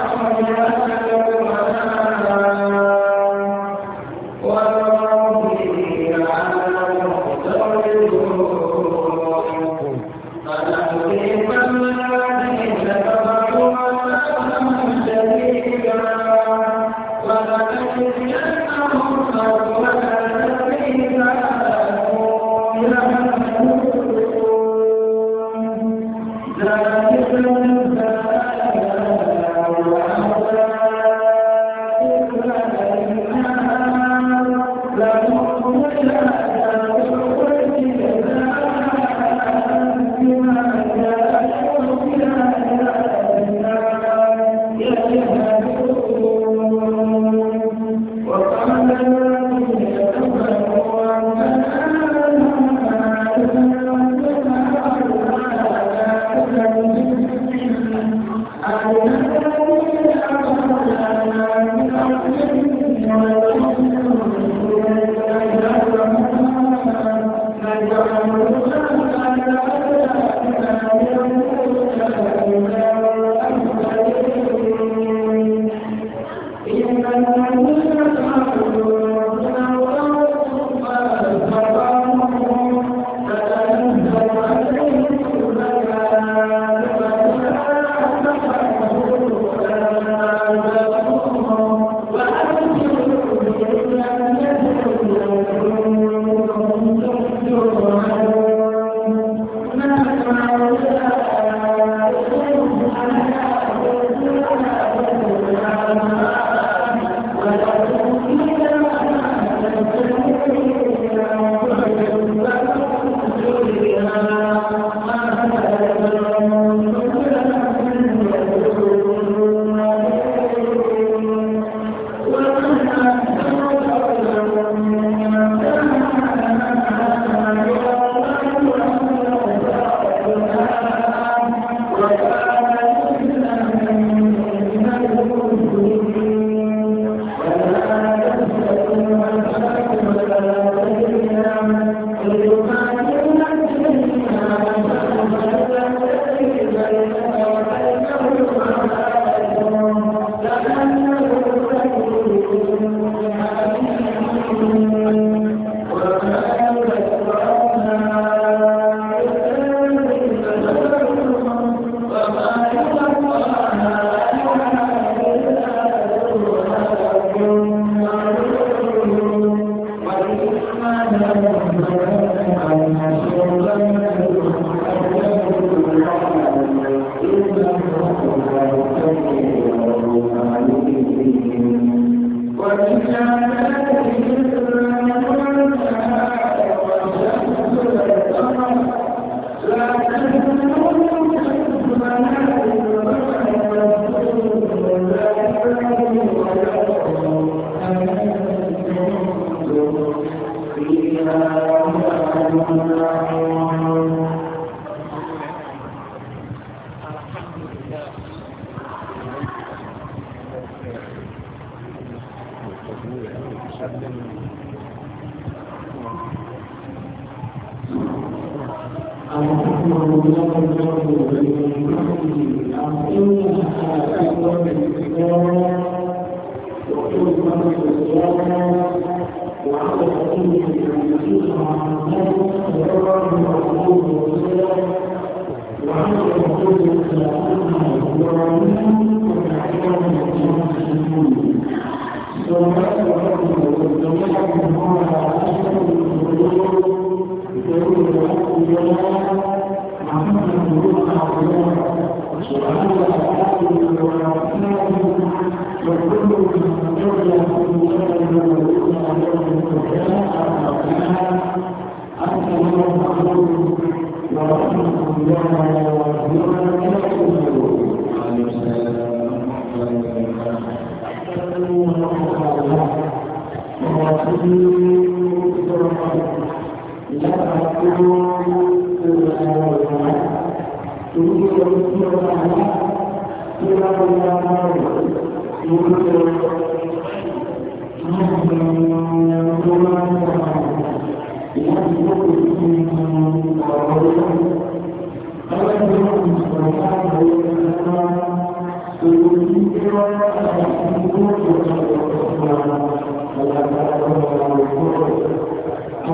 ¡Gracias!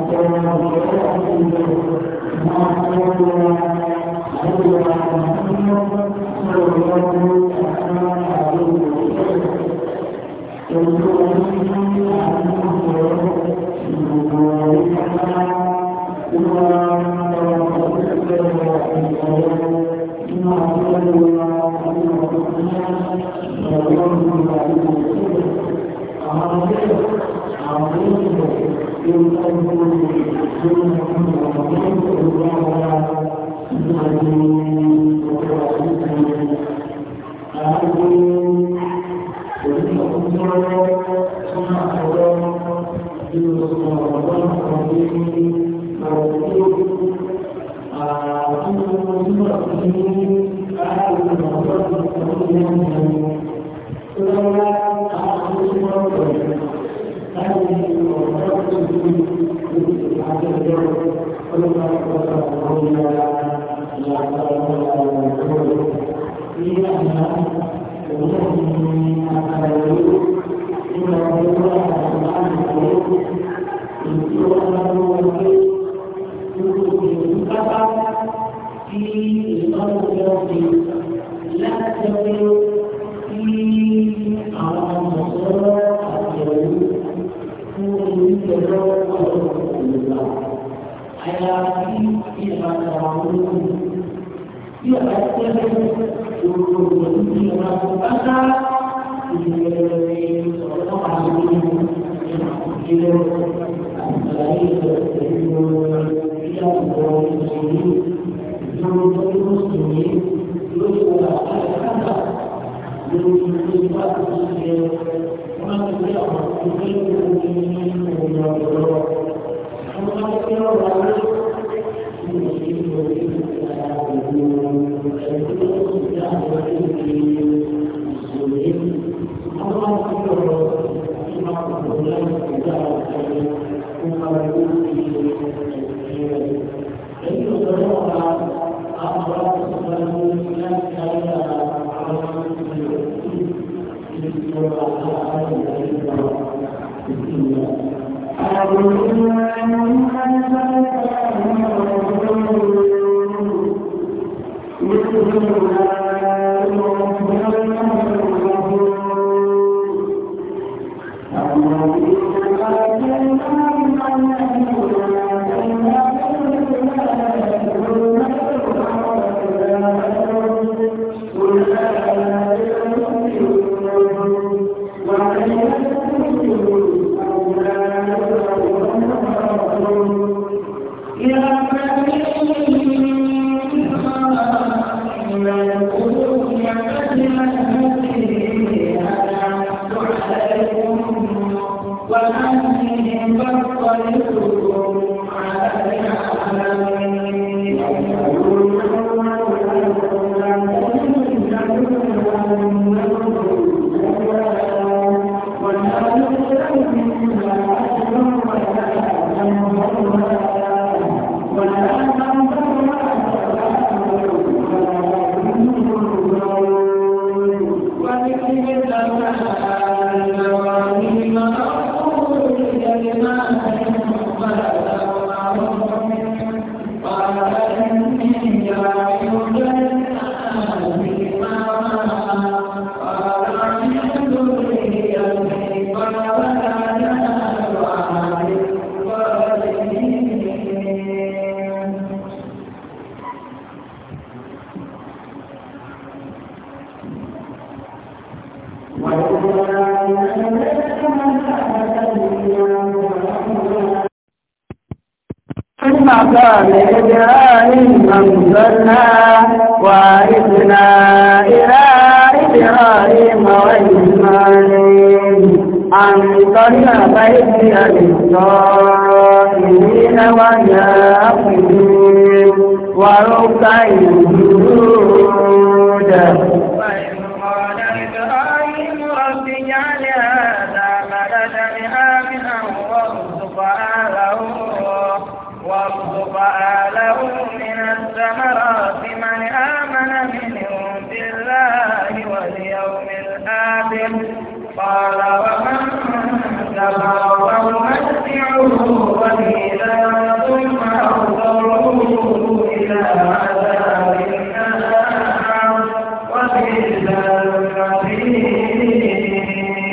আমাদের আমাদের Thank you.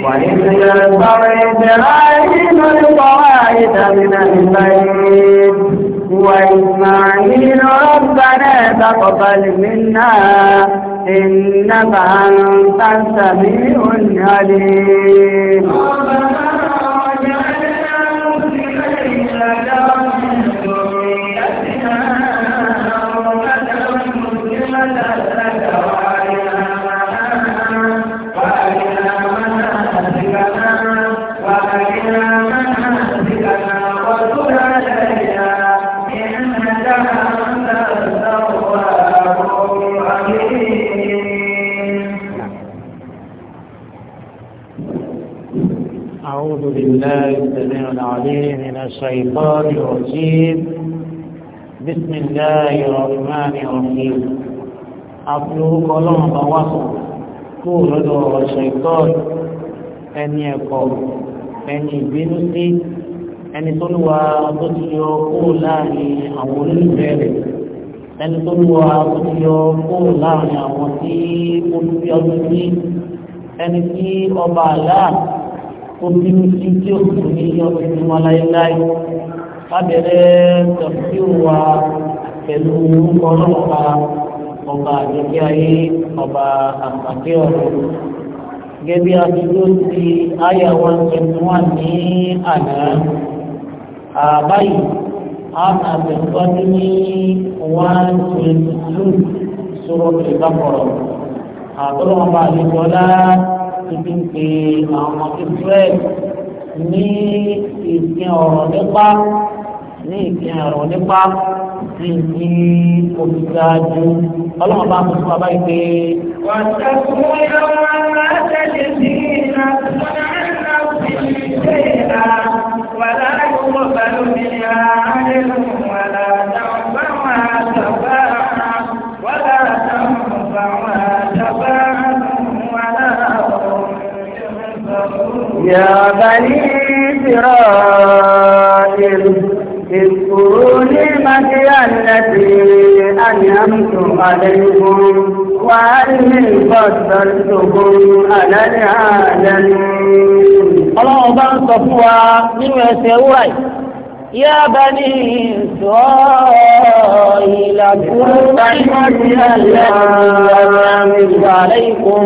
وإذ يرفع إبراهيم القواعد من البيت وإسماعيل ربنا تقبل منا إنك أنت السميع العليم الشيطان الرجيم بسم الله الرحمن الرحيم أقول قلوم بواسط kúrò lọ́dọ̀ ọ̀ṣẹ̀ ìtọ́ọ̀lù ẹni ẹ̀kọ́ ẹni ìbínú sí ẹni tó lùwà tó ti yọ kúrò láàrin àwọn olólùfẹ́ rẹ̀ ẹni tó lùwà tó ti yọ kúrò láàrin àwọn tí olùfẹ́ ọdún sí ẹni tí ọba àlá obìnrin tí tí ó kù ní ọdún wọn láéláé lábẹ́rẹ́ tọ̀síù wa pẹ̀lú orúkọ ọlọ́ọ̀ba ọba àjẹkẹ́ ayé ọba àpàkẹ́ ọ̀rọ̀ gẹ́gẹ́ àdúgbò ti àyà wọn twenty one ní àná àbáyìí a ní one twenty two sọ̀rọ̀ ìbáfọ̀rọ̀ àtọ́lọ́mọba àlejò ti fi ń pe àwọn Israẹli ní ìsìn ọ̀rọ̀ nípa ní ìsìn ọ̀rọ̀ nípa ti di olùdájú ọlọ́run bá mú fún wa báyìí pé. wọ́n ṣe fún yọ̀ọ́ máa tẹ̀lé sí iná lọ́nà ìlànà ìṣẹ̀lẹ̀ wà láàyè wọ́n bá lómi ní àárẹ̀ lọ́wọ́. يا بني إسرائيل اذكروا نعمتي التي أنعمت عليكم وأني فضلتكم على العالمين. الله أبان صفوة من يا بني إسرائيل اذكروا نعمتي التي أنعمت عليكم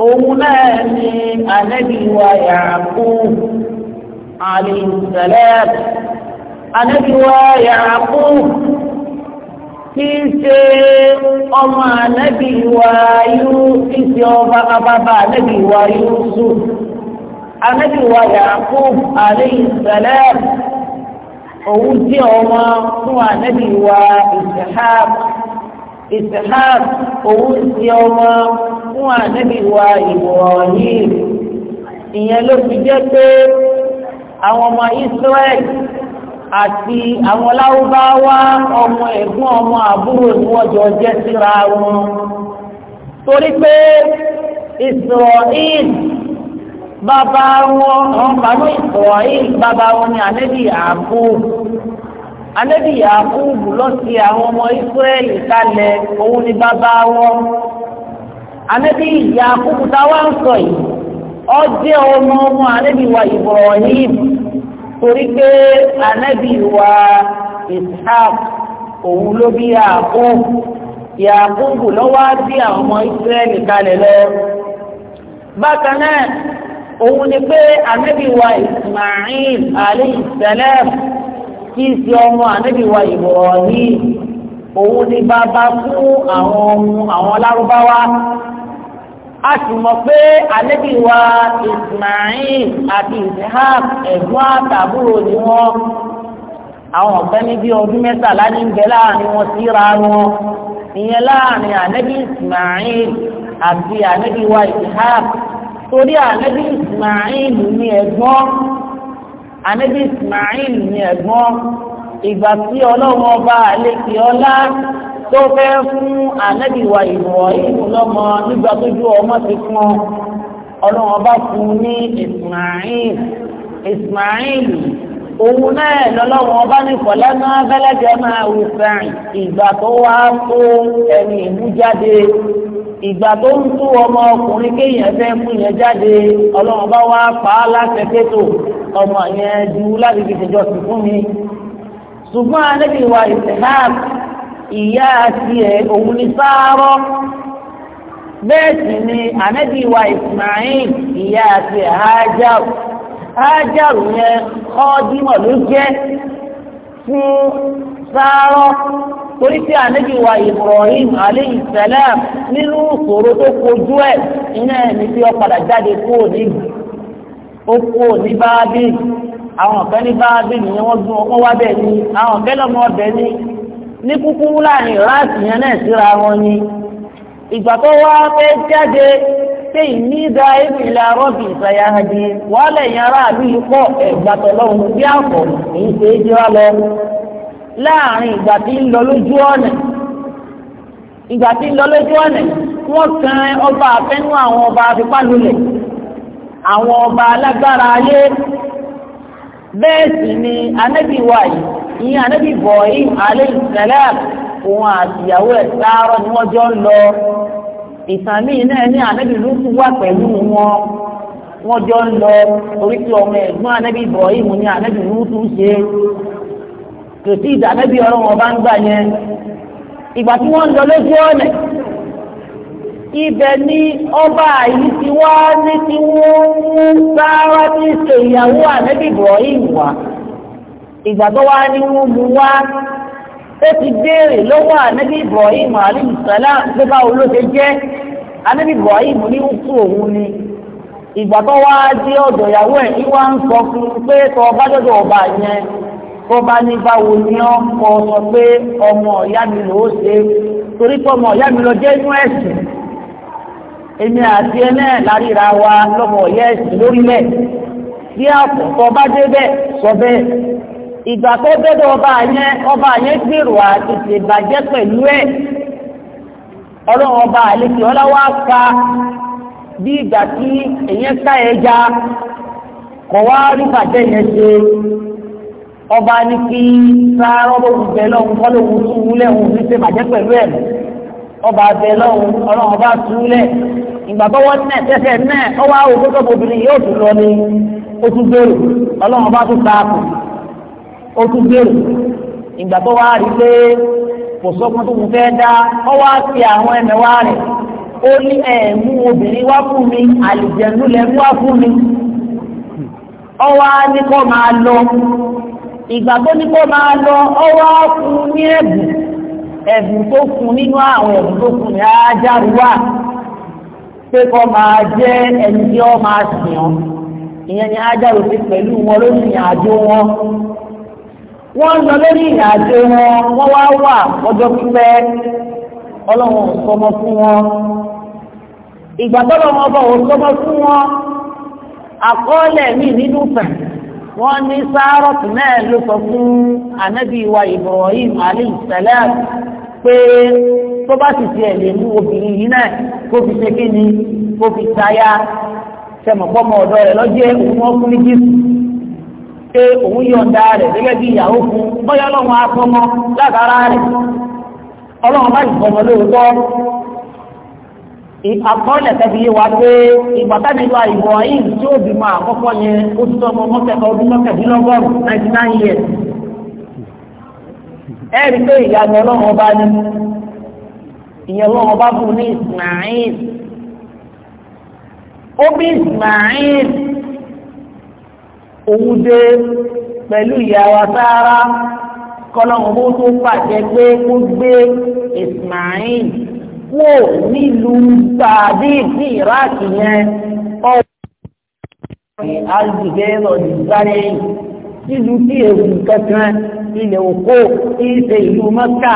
òun náà ni anẹ́bíwa yàkú àlìsẹ̀lẹ̀ anẹ́bíwa yàkú tí í ṣe ọmọ anẹ́bíwa yú tí í ṣe ọba bàbá anẹ́bíwa Yúsù anẹ́bíwa yàkú àlìsẹ̀lẹ̀ òun jẹ́ ọmọ fún anẹ́bíwa ìṣẹ̀háàbù. Ishaq òun ti ọmọ fún ànábì wa Ibrahim ìyẹn ló fi jẹ́ pé àwọn ọmọ Israel àti àwọn láwùbáwá ọmọ ẹ̀gbọ́n ọmọ àbúrò ni wọ́n jọ jẹ́ síra wọn torí pé Israel bàbá wọn ọ̀n bàbá bàbá wọn ni ànábì àbúrò. anebi Yàkúbù ló àwọn ọmọ Ísírẹ́lì kalẹ̀ òun ni bàbá wọn anebi Yàkúbù táwa ń sọ yìí ó ọmọ ọmọ wa Ibrahim torí pé Ànábì wa Ishaq òun ló bí Yàkúbù Yàkúbù ló wá àwọn ọmọ ni pé Ànábì wa Ismail alayhi kí n ṣe ọmọ ànábì wa Ibrahim òun ni bàbá fún àwọn ọmọ àwọn lárúbáwá a sì mọ̀ pé ànábì wa Ismail àti Ishaq ẹ̀gbọ́n àtàbúrò ni wọ́n àwọn ọ̀fẹ́ ní bí ọdún mẹ́tàlá ní bẹ láàrin wọn síra wọn ìyẹn láàrin ànábì Ismail àti ànábì wa Ishaq torí ànábì Ismail ní ẹ̀gbọ́n anabi ismail ní ẹ̀gbọ́n ìgbà tí ọlọ́run ọba àlekè ọlá tó fẹ́ fún anabi wa ìwọ̀ ìlú lọ́mọ nígbà tó ju ọmọ ti fún ọlọ́run ọba fún ní ismail ismail òun náà lọ́lọ́run ọba ní kọ̀lá náà máa wù sẹ́yìn ìgbà tó wá tó ẹni ìmú jáde ìgbà tó ń tú ọmọ ọkùnrin kéèyàn fẹ́ fún yẹn jáde ọlọ́run ọba wá pa á láti ẹgbẹ́ ọmọ yẹn ju láti fi ṣèjọ́ sí fún mi ṣùgbọ́n anábì wa ìsìnkáàb ìyá tiẹ̀ òun ni sáárọ̀ bẹ́ẹ̀ sì ni anábì wa ìsìnmáyìn ìyá tiẹ̀ hájáù hájáù yẹn kọ́dímọ̀ ló jẹ́ fún sáárọ̀ torí pé anábì wa Ibrahim aleyhi salam nínú ìṣòro tó kojú ẹ̀ iná ẹni tí ó padà jáde kúrò níbi oko kú ní báábì àwọn ọ̀kẹ́ ní báábì ni wọ́n gún ọkọ́ wá bẹ́ẹ̀ ni àwọn ọ̀kẹ́ lọ́mọ ọbẹ̀ ni ní kúkú láàrin ráàsì yẹn náà síra wọn ni ìgbà tó wá pé jáde pé ìnídà ìbìlà rọ́bì ìsàyàhàdì wàhálà ìyẹn aráàlú yìí pọ̀ ẹ̀gbà tọ̀lọ́hún bí àpọ̀ èyí ṣe é jẹ́ wá lọ láàrin ìgbà tí ń lọ lójú ọ̀nà ìgbà tí ń lọ lójú ọ̀nà wọ́n kan ọba àfẹ́nú àwọn ọba afipá lulẹ̀ àwọn ọba alágbára ayé bẹ́ẹ̀ sì ni anábì wa yìí ìyẹn anábì Ibrahim alayhi salam òun àtìyàwó ẹ̀ sáárọ̀ ni wọ́n jọ ń lọ ìtàn míì náà ní anábì Lútù wà pẹ̀lú wọn wọ́n jọ ń lọ orí tí ọmọ ẹ̀gbọ́n anábì Ibrahim ni anábì Lútù ṣe kò sí ìdánẹ́bí ọlọ́run ọba ń gbà yẹn ìgbà tí wọ́n ń lọ lójú ọ̀nà Ibe ni ọba yìí ti wá ní tí wọ́n ń mú sáárá tí ń ṣe ìyàwó ànábì Ibrahim wá ìgbà tó wá ní wọ́n mú wá ó ti béèrè lọ́wọ́ Ibrahim jẹ́ ni ìgbà tó wá dé ọ̀dọ̀ ìyàwó ẹ̀ ọba dọ́dọ̀ ọba yẹn ní báwo ni ọ́ kọ́ mi ṣe torí pé ọmọ mi lọ jẹ́ inú ẹ̀sìn. èmi àti ẹ larịị láríra wa lọ́mọ ọ̀yẹ́ lórílẹ̀ bí àkùkọ bá dé bẹ́ẹ̀ sọ bẹ́ẹ̀ ìgbà tó bẹ́ẹ̀ ọba yẹn ọba yẹn gbèrò àti ṣèbàjẹ́ pẹ̀lú ẹ̀ ọlọ́run ọba àlejò ọlọ́wọ́ bí ìgbà tí ká kọ̀ wá yẹn ṣe ọba ní kí sáárọ̀ lóhùn bẹ́ẹ̀ lọ́hùn kọ́ lóhùn fi pẹ̀lú ẹ̀ ọba ìgbà tó wọ́n nẹ̀ tẹ́sẹ̀ nẹ̀ wá òkú tó obìnrin yóò tún lọ ní oṣù gbèrò ọlọ́run bá tún taàpù oṣù gbèrò ìgbà tó rí pé kò tó mú fẹ́ dá ọ wá àwọn ó obìnrin wá mi àlìjẹ̀nu wá mi ọ wá ní kó máa lọ ní kó máa lọ wá fún ní pé kọ́ máa jẹ́ ẹni tí ó máa sìn ọ́ ìyẹn ni ájárò ti pẹ̀lú wọn lórí ìrìn àjò wọn wọ́n lọ lórí ìrìn àjò wọn wọ́n wá wà ọjọ́ pípẹ́ ọlọ́run sọmọ fún wọn ìgbà tọ́lọ́ wọn bọ̀ ò fún wọn àkọọ́lẹ̀ mi nínú fẹ̀ wọ́n ní sáárọ̀tì náà ló sọ fún ànábì wa Ibrahim alayhi salam pé tó bá sì tiẹ̀ lè mú obìnrin yìí náà kó fi ṣe kí ni kó fi táyà sẹ̀mọ̀pọ̀ ọmọ ọ̀dọ́ rẹ̀ lọ́jẹ́ òun wọn fún ní jésù pé òun yọ̀ǹda rẹ̀ gẹ́gẹ́ bí ìyàwó fún bóyá ọlọ́run afọmọ látara rẹ̀ ọlọ́run bá wa pé yẹn ó ti tọ́ ọmọ ún ẹ̀rí pé ìyanu ọlọ́run ọba ní ìyẹn ọlọ́run ọba fún ní Ismail ó bí Ismail òun dé pẹ̀lú ìyàwó sáárá kọlọ́run bó tó pàṣẹ pé kó gbé Ismail wò nílùú tàbí ní Iraq yẹn ọ̀hún alùpùpù ẹ̀rọ ìgbàlẹ̀ yìí nílùú tí ewu kankan ilẹ̀ òkó tí í ṣe ìlú mọ́kà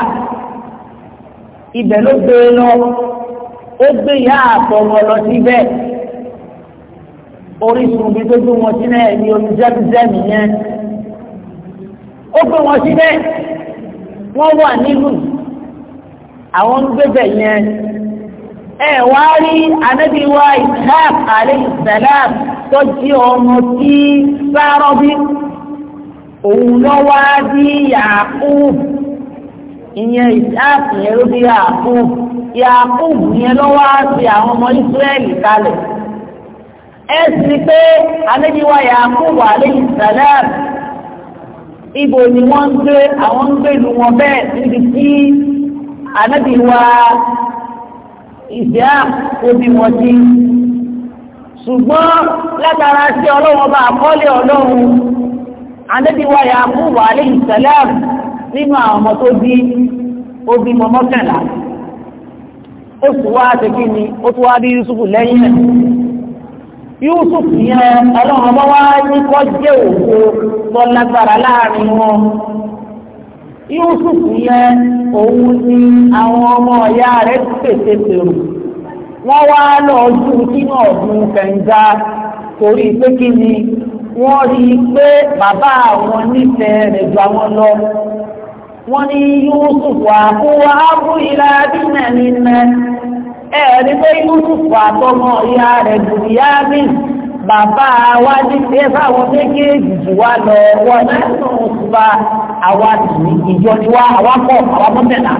ibẹ̀ ló gbé e lọ ó gbé ìyá àtọmọ lọ síbẹ̀ orísun bíi tó gbé wọn sí náà ní omi jẹ́bíjẹ́mì yẹn ó gbé wọn síbẹ̀ wọ́n wà nílùú àwọn ń yẹn ẹ wá rí anábìwá ishaq alayhi salam tó jí ọmọ tí sáárọ́ bí òun lọ wá bí yàkúù ìyẹn ìsáàkì yẹn ló bí yàkúù yàkúù yẹn lọ wá sí àwọn ọmọ ìsírẹ́lì kalẹ̀ ẹ sì pé alẹ́bíwá yàkúù wà lẹ́yìn sàlẹ́m ibo ni wọ́n ń gbé àwọn ń gbé ìlú wọn bẹ́ẹ̀ níbi tí alẹ́bíwá ìsáàkì tó wọn dín ṣùgbọ́n látara sí ọlọ́wọ́n bá àkọ́lé ọlọ́run anábíwá Yakubu alayhi salam nínú àwọn ọmọ tó bí ó bí mọ mọ́kànlá ó sì wá ṣe kí ni ó tún wá bí Yusufu lẹ́yìn ẹ̀ Yusuf yẹn ọlọ́run ọba wá ní kọ́ jẹ́ òkú tó lágbára láàrin wọn Yusuf yẹn òun ni àwọn ọmọ ọ̀yá rẹ̀ pèsè pèrò wọ́n wá lọ́ọ́ ju sínú ọ̀gbun kẹ̀ǹga torí pé kí ni wọ́n rí i pé bàbá àwọn nífẹ̀ẹ́ rẹ̀ ju àwọn lọ wọ́n ní Yusuf àkúwà ábú ìlà bínà nínú ẹ̀rí pé Yusuf àtọmọ ìyá rẹ̀ bùrìyàmì bàbá wa nífẹ̀ẹ́ fáwọn méjèèjì jù wá lọ wọ́n lẹ́sùn òṣùpá àwa ìjọ ni wá àwa pọ̀ àwa mọ́tẹ̀lá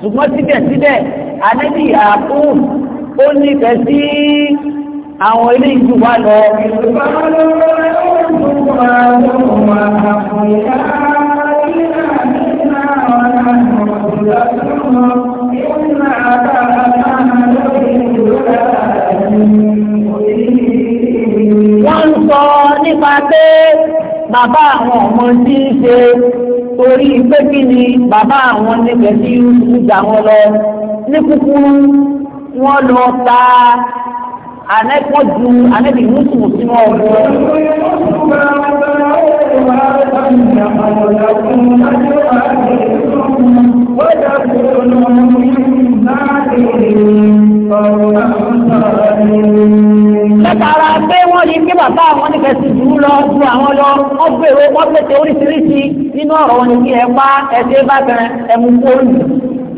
ṣùgbọ́n síbẹ̀síbẹ̀ anẹ́bí àkú ó nífẹ̀ẹ́ sí àwọn ilé ìjú wà lọ wọ́n sọ nípa pé bàbá àwọn ọmọ tí ń ṣe torí pé kí ni bàbá àwọn níbẹ̀ tí ń gbà wọn lọ ní kúkúrú wọ́n lọ ta anẹ́kọ́ ju anẹ́bí yusuf sínú ọ̀gbọ́n. Lẹ́tara pé wọ́n yí kí bàbá àwọn nífẹ̀ẹ́ sí jù lọ ju àwọn lọ, wọ́n gbèrò wọ́n pèsè oríṣiríṣi nínú ọ̀rọ̀ wọn kí ẹ pa ẹ̀ṣẹ́ bá bẹ̀rẹ̀ ẹ̀mú kórìí.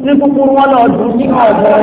Ní kúkúrú wọn lọ dùn sínú ọ̀gbọ́n.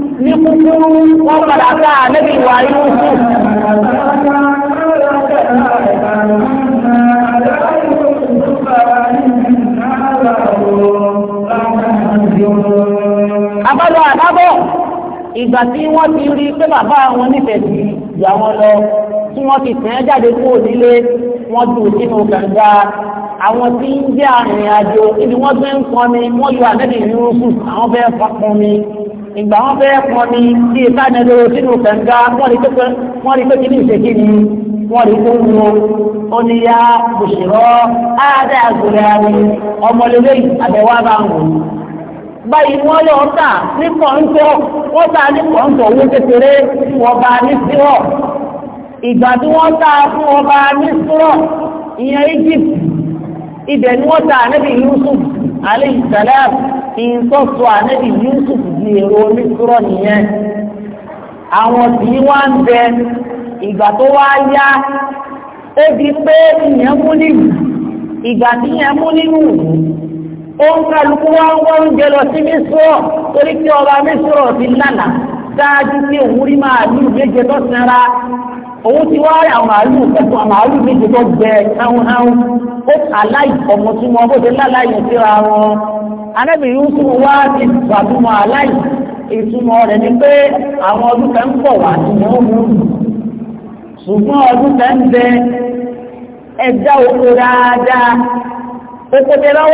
ní kúkúrú wọ́n padà ká níbi ìwà inú kù. abájọ àdábọ̀ ìgbà tí wọ́n ti rí pé bàbá wọn nífẹ̀ẹ́ sí ìyá wọn lọ tí wọ́n ti tẹ̀ ẹ́ jáde kúrò nílé wọ́n dùn sínú kànga àwọn tí ń jẹ́ arìnrìn àjò ibi wọ́n gbé ń pọnmi wọ́n yọ àdẹ́bìnrin rúkù àwọn bẹ́ẹ̀ pọnmi ìgbà wọn fẹ́ pọn ní bí ìbánilówó sínú kànga wọ́n rí pé wọ́n rí pé kí ní ìṣèkí ni wọ́n rí tó ń wo ó ní ya bùṣìrọ́ áádá àgùrẹ́ àwọn ọmọlélẹ́ àbẹ̀wò àbáwò báyìí wọ́n lọ tà ní kọ̀ǹtọ̀ wọ́n tà ní kọ̀ǹtọ̀ owó kékeré wọ́n bá ní sírọ̀ ìgbà tí wọ́n tà fún ọba ní sírọ̀ ìyẹn Egypt ibẹ̀ ni wọ́n tà níbi Yusuf alayhi salam ìtọ́sọ ànábì yusuf di èrò onísúrọ̀ nìyẹn àwọn tí wá ń bẹ ìgbà tó wá yá ó di pé ìyẹn mú nínú ìgbà tí ìyẹn mú nínú ó ń kálukú wá ń wá oúnjẹ lọ sí mísúrọ̀ torí pé ọba mísúrọ̀ ti lánàá ṣáájú pé òun rí máa ní ìgbéjẹ tó sanra òun ti wá àwọn màálù kẹ́kọ̀ọ́ àwọn màálù méje tó gbẹ ẹ̀hún ẹ̀hún ó aláì ọmọ tí wọn bó ṣe láláyè síra wọn wá ti gbàdúmọ̀ aláì ìtumọ̀ ni pé àwọn ọdún ń wá sí wọn mú ọdún ń bẹ ẹja oko dáadáa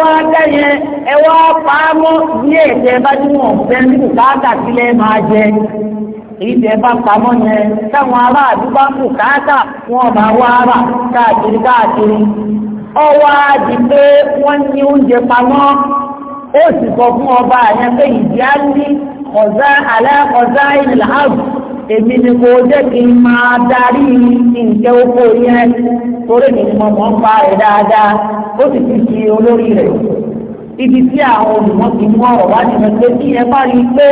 wá dá yẹn ẹ wá èyí tẹ bá pamọ́ yẹn táwọn ará àdúgbò kù káàtà wọn bá wá rà káàkiri káàkiri ọwọ́ àdì pé wọ́n ní oúnjẹ pamọ́ ó sì sọ fún ọba yẹn pé ìdí á ní ọ̀zá alẹ́ ọ̀zá ìlà èmi ni kò jẹ́ kí n máa darí nǹkẹ́ oko yẹn torí mi ni mo mọ̀ ń pa rẹ̀ dáadáa ó sì ti di olórí rẹ̀ ibi tí àwọn olùmọ̀ ti mú ọ̀rọ̀ wá nínú pé kí ẹ bá rí i pé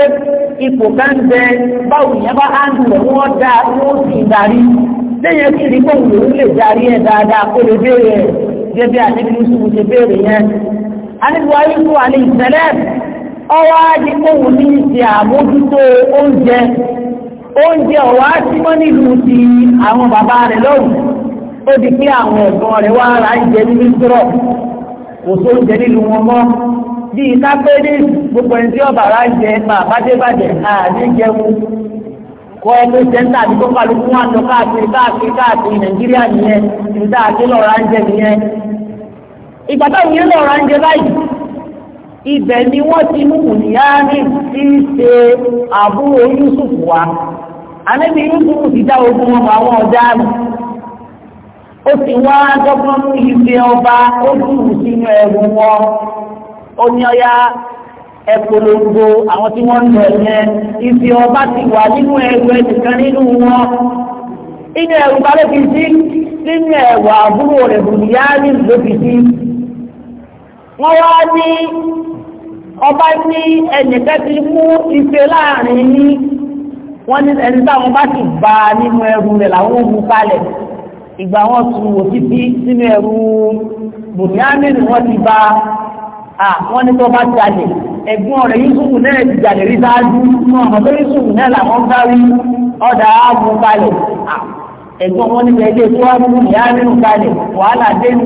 ipò káńtẹ báwo yẹn bá áńdù rẹ̀ wọ́n dá wọ́n sì darí lẹ́yìn tí ìdíkò òun lè darí ẹ̀ dáadáa kó lè béèrè ẹ̀ gẹ́gẹ́ ṣe béèrè yẹn. anígbà yíkú àní ìṣẹ̀lẹ̀ ọwọ́ àdínkù òun ní ti àmójútó oúnjẹ oúnjẹ ọ̀wá tí wọ́n ti àwọn bàbá rẹ̀ lọ́wọ́ ó di pé àwọn ẹ̀gbọ́n rẹ̀ wá ara nínú ìṣòro kò sóúnjẹ bíi kápẹ́lí gbogbo ẹni tí ọba ara jẹ bàbájẹ́bàjẹ́ àní jẹun kọ ẹgbẹ́ sẹ́ńtà àti kó kálukú wọn lọ káàkiri káàkiri káàkiri nàìjíríà nìyẹn níta àti lọ́ọ̀rọ̀ àǹjẹ nìyẹn. ìgbà táwọn yẹn lọ́ọ̀rọ̀ àǹjẹ báyìí ibẹ̀ ni wọ́n ti mú mùnìyàní tí í ṣe àbúrò Yusuf wá àníbi Yusuf ti dá ogun ọmọ àwọn ọ̀dà mi ó sì wá dọ́gbọ́n mú ife ọba ó dùn sínú ẹ̀rù wọn ó ní ọyá ẹ̀pọ̀lọpọ̀ àwọn tí wọ́n ń lọ yẹn ibi ọba ti wà nínú ẹ̀rù ẹnìkan nínú wọn inú ẹ̀rù bá ló fi sí nínú ẹ̀wà àbúrò rẹ̀ bùnìyá ní ló fi sí wọ́n wá ní ọba ní ẹnìkan ti mú ife láàrin ní wọ́n ní ẹni táwọn bá sì bá nínú ẹ̀rù rẹ̀ làwọn òun kalẹ̀ ìgbà wọn tún wò títí nínú ẹ̀rù bùnìyá ní wọ́n ti bá àwọn ní tó bá jalè ẹ̀gbọ́n rẹ̀ Yusufu náà ti jalè rí sáájú fún ọmọ tó Yusufu náà làwọn bá rí ọ̀dà ààbò balẹ̀ ẹ̀gbọ́n wọn níbi ẹgbẹ́ tó wá fún ìyá nínú balẹ̀ wàhálà dénú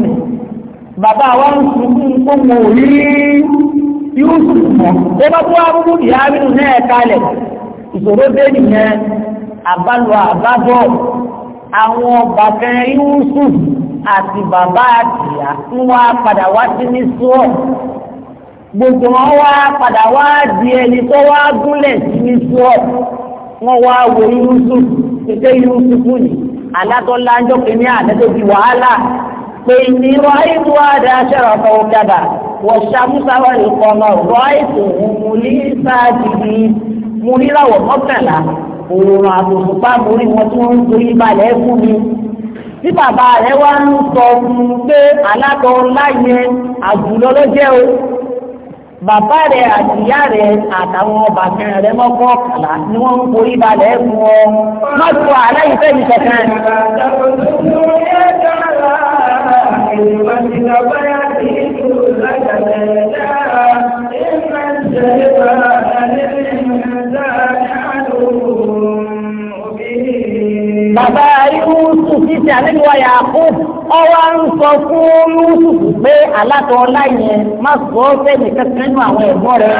bàbá wa ń sunkún kó mo rí Yusufu mọ́ ẹ bá tó wá fún ìyá nínú náà kalẹ̀ ìṣòro dé nìyẹn àbálò àbábọ̀ àwọn bàbá yusuf àti bàbá àtìyá ń wá padà wá sí ní sùọ́ gbogbo wọn wá padà wá di ẹni tó wá gúnlẹ̀ sí ní sùọ́ wọn wá wo yusuf kété yusuf ni alátọ́lá ń jọ́pẹ́ ní àdẹ́tò ti wàhálà pé ní rọ́ìtù àdá aṣẹ́rọ̀ ọkọ̀ òkàdà wọ́n ṣàmúṣàwọ̀ ìkọ̀nà rọ́ìtù òun mú ní sáà jìbì mú ríràwọ̀ mọ́kànlá òun àtòsùpá mórí wọn tí ń torí balẹ̀ fún mi tí bàbá rẹ̀ wá ń sọ fún un pé alákọ̀ ńlá yẹn ló jẹ́ o bàbá rẹ̀ àtìyá rẹ̀ àtàwọn bàtàn rẹ̀ mọ́kọ́ kàlá ni wọ́n ń forí balẹ̀ fún ọ mọ́tò aláìfẹ́ mi kankan. Ìgbàlódé ọ̀gá yà kí n tó lájà lẹ́yà, ìgbàlódé ọ̀gá. Bàbá Yúsù títí àlejò Yàkú, ọwọ́ ń sọ fún Yúsù pé aláta ọlá yẹn má sọ ọ́ nìkan sí nínú àwọn ẹ̀gbọ́n rẹ̀.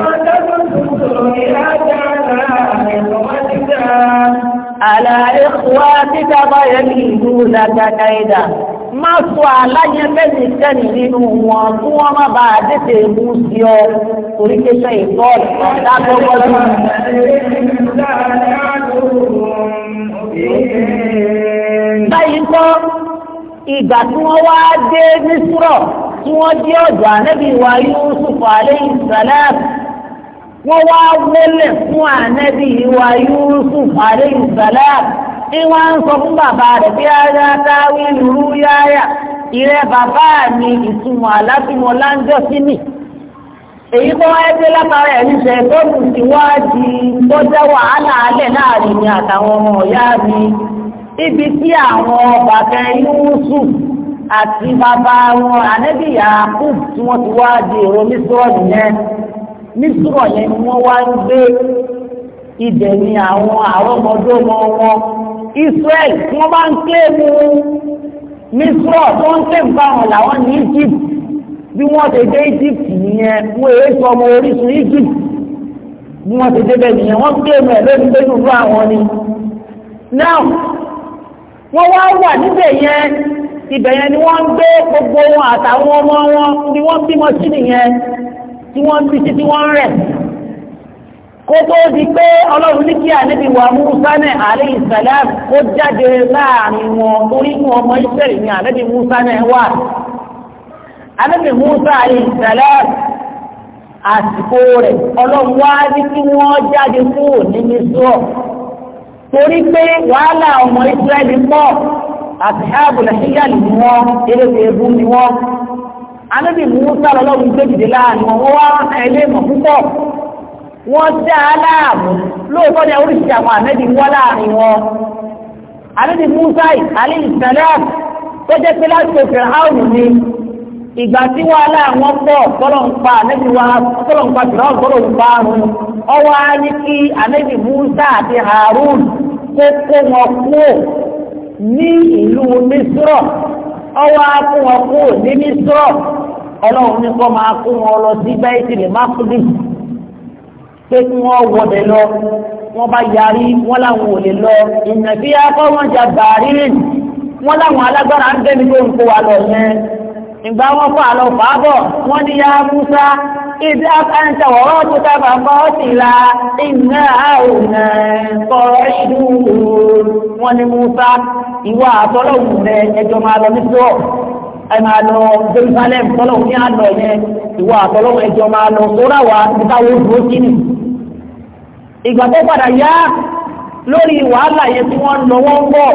Àlà ìkùwá títà báyẹn kì í dúró dáadáa ìdá. Má sọ àlàyé bẹ́ẹ̀ni sẹ́ni nínú wọn kí wọ́n má bàa dètè mú sí ọ torí kéṣe ìtọ́ọ̀lù ọ̀dà tó gbọ́dọ̀ ìgbà tí wọ́n wá dé Mísírọ̀ tí wọ́n dé ọ̀dọ̀ ànábì wa Yusuf aleyhi salam wọ́n wá wọlé fún ànábì wa Yusuf aleyhi salam ní wọ́n ń sọ fún bàbá rẹ̀ bí ara táwí lùrú yáyà ìrẹ́ bàbá mi ìtumọ̀ aláfihàn láńjọ́ sí mi èyí tó wáyé pé látara ẹ̀ níṣẹ́ tó kù sí wá di tó jẹ́ wàhálà alẹ́ láàrin mi àtàwọn ọmọ ọ̀yá mi ibi tí àwọn bàbá yúúsù àti bàbá wọn ànábì yakub tí wọ́n ti wá di èrò mísírọ̀ nìyẹn mísírọ̀ yẹn ni wọ́n wá ń gbé ibẹ̀ ni àwọn àrọ́mọdọ́mọ wọn israel tí wọ́n bá ń ké mu mísírọ̀ tí wọ́n ń ké mu báwọn làwọn ní egypt bí wọ́n ti dé egypt nìyẹn wọ́n èyí sọ ọmọ orísun egypt bí wọ́n ti débẹ̀ nìyẹn wọ́n ké mu ẹ̀ lórí lórí ìlú àwọn ni now wọ́n wá wà níbẹ̀ yẹn ibẹ̀ yẹn ni wọ́n ń gbé gbogbo wọn àtàwọn ọmọ wọn ni wọ́n bímọ sí nìyẹn tí wọ́n ń bí títí wọ́n rẹ̀ kó tó di pé ọlọ́run ní kí ànábì wa musa náà alayhi salam kó jáde láàrin wọn orí inú ọmọ iṣẹ́ ìní ànábì musa náà wà ànábì musa alayhi salam àsìkò rẹ̀ ọlọ́run wá ní kí wọ́n jáde kúrò ní mísírọ̀ torí pé wàhálà ọmọ Ísírẹ́lì pọ̀ àti ààbò nàìjíríà ni wọ́n eré ebu ni wọ́n anábì Musa lọ́wọ́ ìgbéjìdé láàánú wọn wá ẹlẹ́mọ̀ púpọ̀ wọ́n dá a láàmú lóòótọ́ ni oríṣiríṣi àwọn àmẹ́bí wọ́n láàrin wọn anábì Musa alẹ́ ìṣẹ̀lẹ̀ tó jẹ́ pé láti òfin áwùn ni ìgbà tí wàhálà wọn pọ̀ kọ́lọ̀ ń pa àmẹ́bí wa kọ́lọ̀ ń pa tìrọ̀ ń pa àrùn ọwọ́ á ní kí anabi musa àti harun kó kó wọn kúrò ní ìlú misrọ ọwọ́ á kó wọn kúrò ní misrọ ọlọ́run ní kó máa kó wọn lọ sí Baitul Maqdis pé kí wọ́n wọlé lọ wọ́n bá yarí wọ́n láwọn ò lè lọ ìnàbí akọ́ wọn jà bàárí wọ́n láwọn alágbára ń bẹ́ni tó ń kó wa lọ yẹn ìgbà wọn fọ àlọ fàábọ wọn ni ya musa ibi àkáǹtà wọrọ tó tábà bọ sí la iná àwòrán sọ̀rọ̀ ìlú wọn ni musa ìwà àtọlọwù rẹ ẹjọ́ máa lọ ní sọ ẹ máa lọ jerusalem tọlọwù ní àlọ yẹn ìwà àtọlọwù ẹjọ́ máa lọ sóra níta wo dúró kí ìgbà tó padà yá lórí wàhálà yẹn tí wọn lọ wọn bọ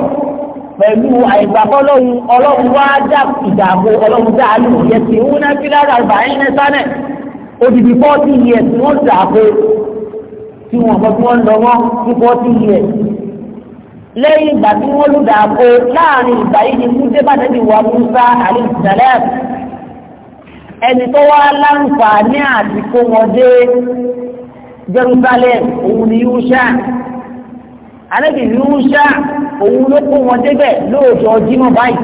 pẹ̀lú àìgbàkọ́lọ́hun ọlọ́run wá dá ìdààbò ọlọ́run dá a lò yẹ ti ń ná sí lára àbáyé ní sánẹ̀ odidi fọ́ọ̀tì yẹ tí wọ́n dààbò tí wọ́n bọ́ tí wọ́n lọ wọ́n sí fọ́ọ̀tì yẹ. lẹ́yìn ìgbà tí wọ́n lù dààbò láàrin ìgbà yìí ni kúndé bàtẹ́bí wa Musa alayhisalam ẹni tó wá láǹfààní àti kó wọn dé Jerusalem òun ni Yusha alẹ́bí musa òun ló kó wọn débẹ̀ lóòótọ́ jimọ̀ báyìí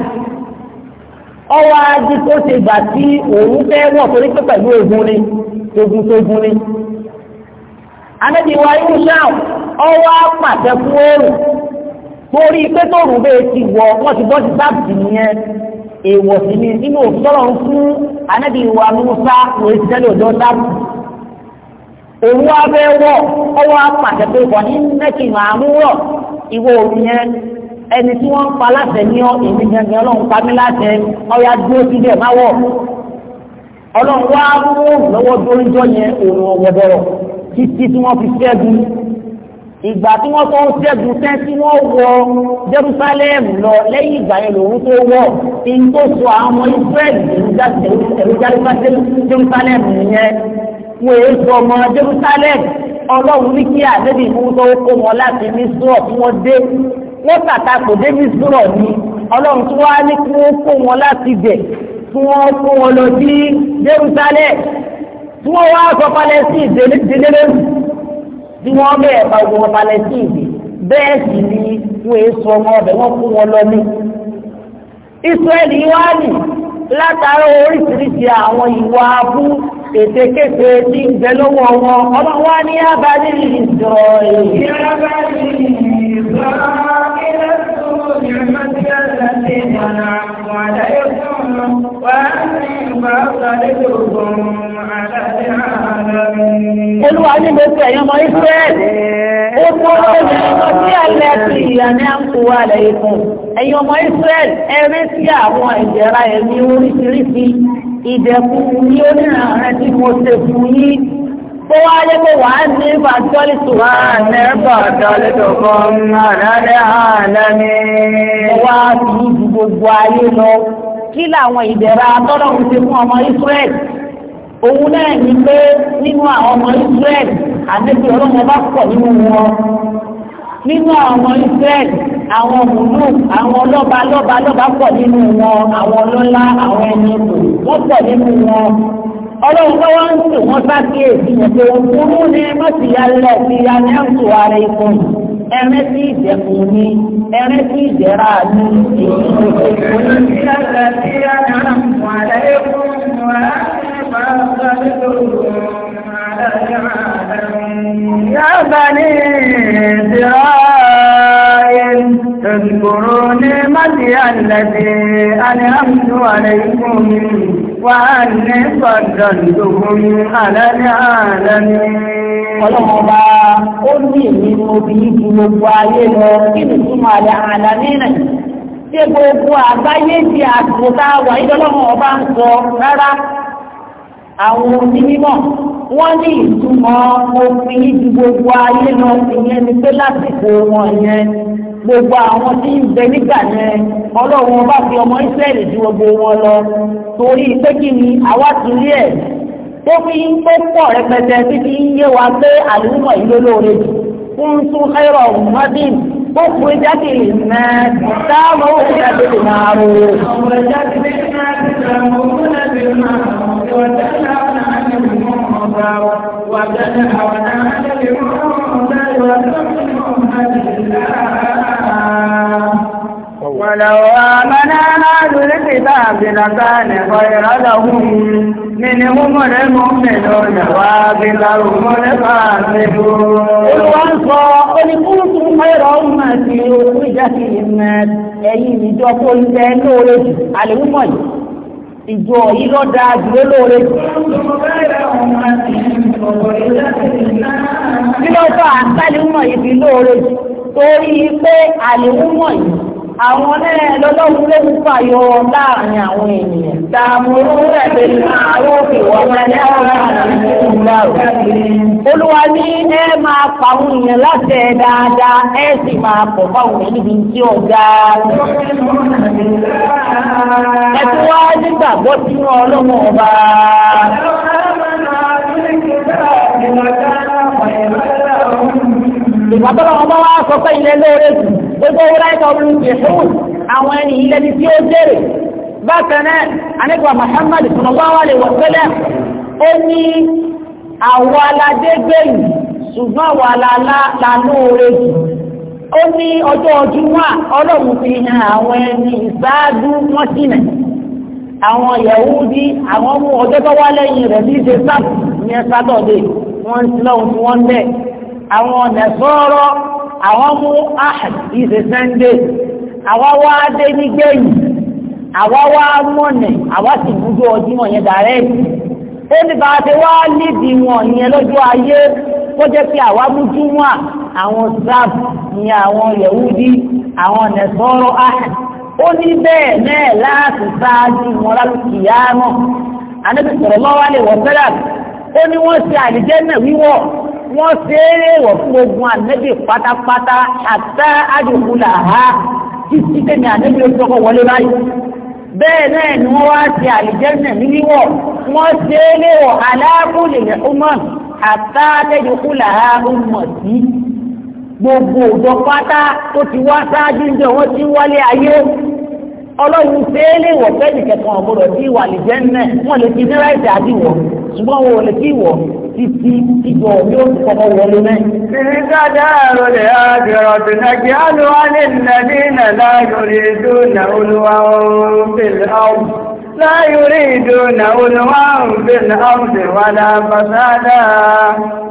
ọwọ́ adi tó ṣe gbà tí òun fẹ́ wọ̀ torí pé pẹ̀lú ogun ni ogun tó gun ni alẹ́bí wa musa ọwọ́ apàtẹ fún oòrùn torí pé tóòrùn bẹ́ẹ̀ ti wọ̀ wọ́n ti bọ́ sí sáàpì nìyẹn èèwọ̀ sí ni nínú òfin tọ́lọ̀ ń fún alẹ́bí wa musa òun ti tẹ́lẹ̀ òjò sáàpì òun wá bẹ́ẹ̀ wọ̀ ọwọ́ apàṣẹ pé wọ́n ní mẹ́kì máa mú wọ̀ ìwọ òun yẹn ẹni tí wọ́n ń pa láṣẹ ní èmi gangan ọlọ́run pa mí láṣẹ ọ̀yà dúró sí bẹ́ẹ̀ má wọ̀ ọlọ́run wá mú lọ́wọ́ dóríjọ́ yẹn òun ọ̀wọ́ bọ̀rọ̀ títí tí wọ́n fi ṣẹ́gun ìgbà tí wọ́n tó ń ṣẹ́gun tẹ́ tí wọ́n wọ Jerusalem lọ lẹ́yìn ìgbà yẹn lòun tó wọ̀ ní tó so àwọn Israẹli ẹ̀rú Jerusalem wọn èé sọ ọmọ Jerusalem ọlọ́run ní kí àdébì ìmúdó kó wọn láti ní sùúrọ̀ tí wọ́n dé wọ́n tàta kò dé ní sùúrọ̀ ni ọlọ́run tí wọ́n á ní kí wọ́n kó wọn láti bẹ̀ tí wọ́n kó wọn lọ sí Jerusalem tí wọ́n wá sọ Palestine délé lórí tí wọ́n bẹ̀rẹ̀ pa wọn Palestine bẹ́ẹ̀ sì ni wọ́n èé sọ ọmọ ọbẹ̀ wọ́n kó wọn lọ ní. Israẹli wá nì látara oríṣiríṣi àwọn ìwà abú ètè kéfè tí ń bẹ lọ́wọ́ wọn ọmọ wa ní abájí ìjọ èyí. Olúwa ní gbogbo ẹ̀yàn ọmọ Ísírẹ́lì, ó kúrò ní ọmọ sí ẹ̀lẹ́ sí ìyàní àǹkúwà lẹ́yìn fún. Ẹ̀yàn ọmọ Ísírẹ́lì, ẹ̀rẹ́ sí àwọn ìjẹ́ra ẹ̀mí oríṣiríṣi ìdẹ̀kùn ni ó ní ààrẹ tí mo ṣe fún yín tó wá lé pé wà á ní fàtọ́lì tó wá nẹ́bà tọ́lé tó kọ́ àdáde àdáni. mo wá sí ibi gbogbo ayé lọ kí làwọn ìdẹ̀ra tọ́lọ̀ ń ṣe fún ọmọ Israẹli òun náà ní pé nínú àwọn ọmọ Israẹli àdébí ọlọ́mọ bá pọ̀ nínú wọn nínú àwọn israẹl àwọn mùlù àwọn ọlọ́ba lọ́ba lọ́ba pọ̀ nínú wọn àwọn ọlọ́lá àwọn ẹni ẹ̀kọ́ wọ́n pọ̀ nínú wọn ọlọ́run tó wá ń sè wọ́n bá kí èsì yẹn pé òkúrú ni mọ́tì ya lẹ̀ sí ya ní ẹ̀ǹtù ara ikùn ẹ̀rẹ́ sí ìjẹ̀kùn ni ẹ̀rẹ́ sí ìjẹ̀ra ni èyí tó ṣe kú ní. يا بني إسرائيل اذكروا نعمتي التي أنعمت عليكم وأني فضلتكم على العالمين ọlọ́mọba ó ní èmi mo fi ní ju gbogbo ayé lọ kí ni tún máa lẹ àlàní rẹ̀ ṣé gbogbo àgbáyé ti àtúntà wà ní ọlọ́mọba ń sọ rárá àwọn onímọ̀ wọ́n ní ìtumọ̀ òfin yìí ju gbogbo ayé lọ ìyẹn ni pé lásìkò wọn yẹn gbogbo àwọn tí ń bẹ nígbà yẹn ọlọ́run ọba fi ọmọ ìsírẹ́lì ju gbogbo wọn lọ torí pé kí ni àwa ti rí ẹ̀ tó fi ń pé pọ̀ rẹpẹtẹ títí ń yé wa pé àlùmọ̀ yìí ló lóore jù fún tún ẹ̀rọ mọ́dín ó kú jáde ìmọ̀ táwọn ó kú jáde ìmọ̀ àrò. ọ̀rọ̀ jáde ní ká ti sàmúlò náà ti máa ń الهوى وتنهونا عن المنكر وتقنهم بالله ولو آمن أهل الكتاب لكان خيرا لهم منهم المؤمنون وأكثرهم الفاسقون. الوصى قل كنتم خير أمة أخرجت للناس أي جوكم تنورج على المؤمن ìjọ yìí lọ da àdúgbò lóore. kí ló fà á sálíwùmọ̀ yìí fi lóore torí pé àlèwùmọ̀ yìí àwọn náà lọ́lọ́run ló ń fàyọ láàrin àwọn ènìyàn. Dàmúrú ẹ̀bẹ̀ àwọn òfìwọ́ máa ní àwọn ará Olúwa ní ẹ máa pa àwọn èèyàn láti ẹ dáadáa, ẹ sì máa pọ̀ fáwọn èèyàn níbi tí ó ga. Ẹ tún wá nígbàgbọ́ sínú ọlọ́mọ ọba. ìgbàgbọ́dọ̀ ọba wa sọ pé ilẹ̀ lóore jù gbogbo owó láìka ọdún ìṣòwò àwọn ẹni ilẹ̀ ni tí ó jèrè bákan náà anigba Muhammad sallallahu alaihi wasallam ó ní àwọn aládégbèyìn ṣùgbọ́n àwọn alálá lálóore jù ó ní ọjọ́ ọdún wà ọlọ́run fi hàn àwọn ẹni ìsáájú wọ́n sínà àwọn Yahudi àwọn ọmọ ọjọ́ tó wá lẹ́yìn rẹ̀ ní ṣe sáà ní ẹ àwọn nẹ̀sọ́rọ́ àwọn mú ahad ìṣe sunday àwa wá dé nígbẹ̀yìn àwa wá mọ̀nẹ̀ àwa sì gbúdọ̀ ọdúnmọ̀ yẹn dàrẹ́ ó ní bá a ti wá nídìí wọn yẹn lọ́jọ́ ayé kó jẹ́ pé àwa mú júmọ́ àwọn sáàbù ní àwọn yẹ̀wúdí àwọn nẹ̀sọ́rọ́ ahad ó ní bẹ́ẹ̀ náà láti sáájú wọn láti kìyà náà anábìsọ̀rọ̀ lọ́wọ́ lè wọ̀ sẹ́lá ó ní wọ́n ṣe àlìjẹ́ náà wíwọ̀ wọ́n ṣe é léèwọ̀ fún ogun ànẹ́bì pátápátá àtẹ àdìkúlà ha títí tẹ̀mí ànẹ́bì ojúkọ wọlé báyìí bẹ́ẹ̀ náà ni wọ́n wá ṣe àlìjẹ́nà níníwọ̀ wọ́n ṣe é léèwọ̀ aláàbòlè ọmọ àtẹ àdìkúlà ha ọmọ sí gbogbo ọ̀dọ́ pátá tó ti wá sáájú ń jẹ́ ti wálé ayé ọlọ́run tẹ́lẹ̀ wọ̀ fẹ́ẹ̀lì kẹ̀kan ọ̀gbọ́dọ̀ tí ìwà lè jẹ́ ńnẹ̀ wọ́n lè ti nírẹ́ẹ̀tì àdìwọ̀ ṣùgbọ́n wọn ò lè ti wọ̀ títí ìgbọ̀ yóò ti kọ́kọ́ wọlé náà. Ìní dáadáa àrò lè àdìrọ̀ tó nàkí àlùwálé nàdínà láàyò rí dùn náà olúwa ọ̀run bèèrè ọ̀hún. لا يريدون علوا في الأرض ولا فسادا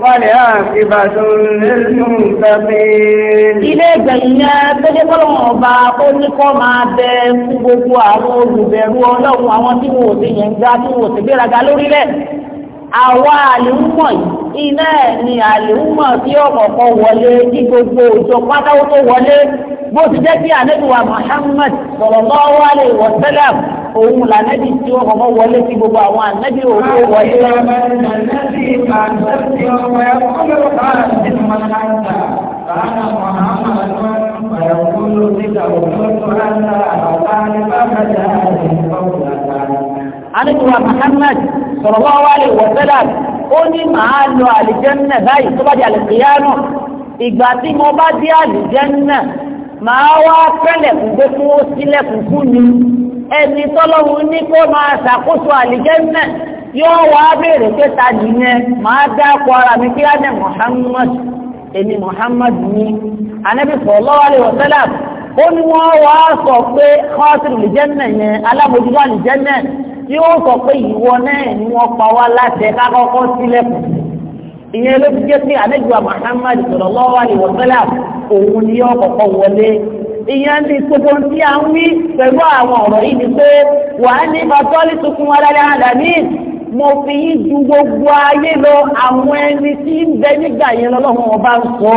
والعاقبة للمتقين. ilé ìgbẹ̀yìn yẹn tẹ́lẹ̀ fọlọ́wọ́n ọba ó ní kọ́ máa bẹ fún gbogbo àwọn olùbẹ̀rù ọlọ́run àwọn tí wọn ò ti yẹn gbá tí wọn ò ti gbéraga lórílẹ̀ àwa àlùmọ̀ yìí iná ẹ̀ ni àlùmọ̀ tí ọ̀kọ̀ọ̀kọ̀ wọlé kí gbogbo òjò pátá tó wọlé bó ti jẹ́ kí ànẹ́bíwá Muhammad sallallahu alaihi wa sallam òun lànẹ́bí tí wọ́n wọlé sí gbogbo àwọn ànẹ́bí òun tó wọlé. Thank you alẹ́kùnrin Muhammad sallallahu alaihi wa sallam ó ní màá lọ àlìjẹ́nnà báyìí tó bá di àlìkìyámọ̀ ìgbà tí mo bá dé àlìjẹ́nnà màá wá pẹ́lẹ̀kùn gbé fún ó sílẹ̀kùn fún mi ẹni tọ́lọ́run ní kó máa ṣàkóso àlìjẹ́nnà yóò wá béèrè pé ta nìyẹn màá dákọ̀ ara mi kí á dẹ̀ Muhammad èmi Muhammad ní anábì sallallahu alaihi wa sallam ó ní wọ́n pé kọ́sìrì lìjẹ́nnà yẹn alábòjúbọ́ lìjẹ́nnà tí ó sọ pé ìwọ náà ni wọ́n pa wá láti ẹ̀ka kọ́kọ́ sílẹ̀kùn ìyẹn ló ti jẹ́ pé àlejò Muhammad sallallahu alaihi ni yóò kọ́kọ́ wọlé ìyẹn ní gbogbo tí a ń wí pẹ̀lú àwọn ọ̀rọ̀ yìí ni pé wàá ní bàtọ́lì tuntun wa dáadáa mo fi yín ju gbogbo ayé lọ àwọn ẹni tí ń bẹ nígbà yẹn lọ́lọ́run ọba ń sọ.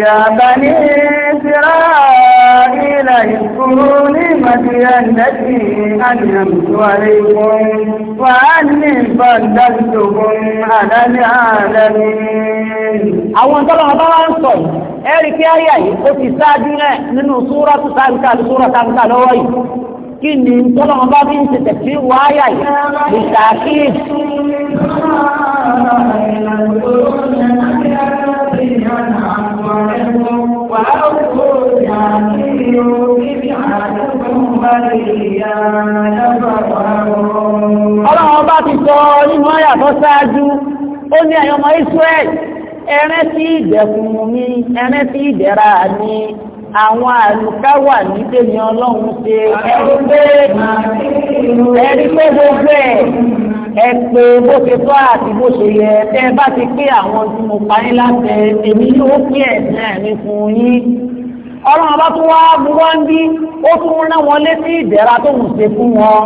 Ya bani Israila ìkúrú ní نعمتي التي أنعمت عليكم وأني فضلتكم على العالمين. àwọn tọ́lọ́ ọba wa ń sọ yìí ẹ̀rí kí ayé yìí ó ti ṣáájú náà nínú súra tó sáńkà súra sáńkà lọ́wọ́ yìí kí ni tọ́lọ́ ọba fi ń ṣètẹ̀ sí wáyà yìí Ọlọ́run ọba ti sọ nínú ayà tó ṣáájú, ó ní ẹ̀yọ́ ọmọ Israẹ̀l, ẹrẹ́ sí ìdẹ̀kùn mi, ẹrẹ́ sí ìdẹ̀ra mi, àwọn àlùkáwà ní tèmi ọlọ́run ṣe ẹ̀rí pé gbogbo ẹ̀ ẹ bó ṣe tọ́ àti bó ṣe yẹ tẹ́ bá ti pé àwọn tí mo parí láti ẹ̀mí yóò pé ẹ̀sìn ẹ̀mí fún yín ọlọ́run bá tún wá burú ń bí ó tún rán wọn létí ìdẹ̀ra tó ń ṣe fún wọn.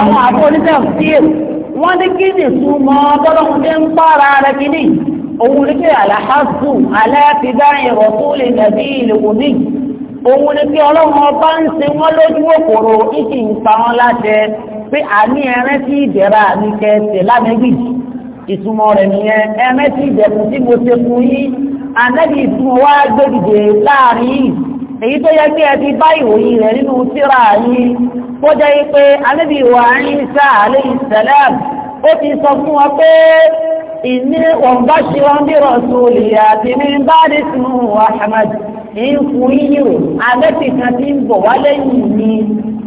Àwọn àbò oníṣẹ́ fíìmù wọ́n ní kí ni súnmọ́ tọ́lọ́run ṣe ń pààrà rẹ̀ kìíní. Òun ní kí àlàáfù aláàfíà ìrọ̀kú lè dàbí ìlú ní òun ni pé ọlọ́run ọba ń ṣe wọ́n lójú òkòrò ìkì ń pa wọ́n láṣẹ pé àní ẹrẹ́ sí ìdẹ̀ra mi kẹsẹ̀ lámẹ́bí ìtumọ̀ rẹ̀ nìyẹn ẹrẹ́ sí ìdẹ̀kùn tí mo ṣe fún yín ànẹ́bí ìtumọ̀ wá gbèdìdè láàrin yìí èyí tó yẹ kí ẹ ti bá ìròyìn rẹ̀ nínú tírà yín kó jẹ́ pé ànẹ́bí ìwà yín sá àlẹ́ ìṣẹ̀lẹ̀ ó ti sọ fún wọn pé ìní òǹbáṣe wọn bí rọ̀ ń fún yín o anẹ́tì kan ti ń bọ̀ wá lẹ́yìn mi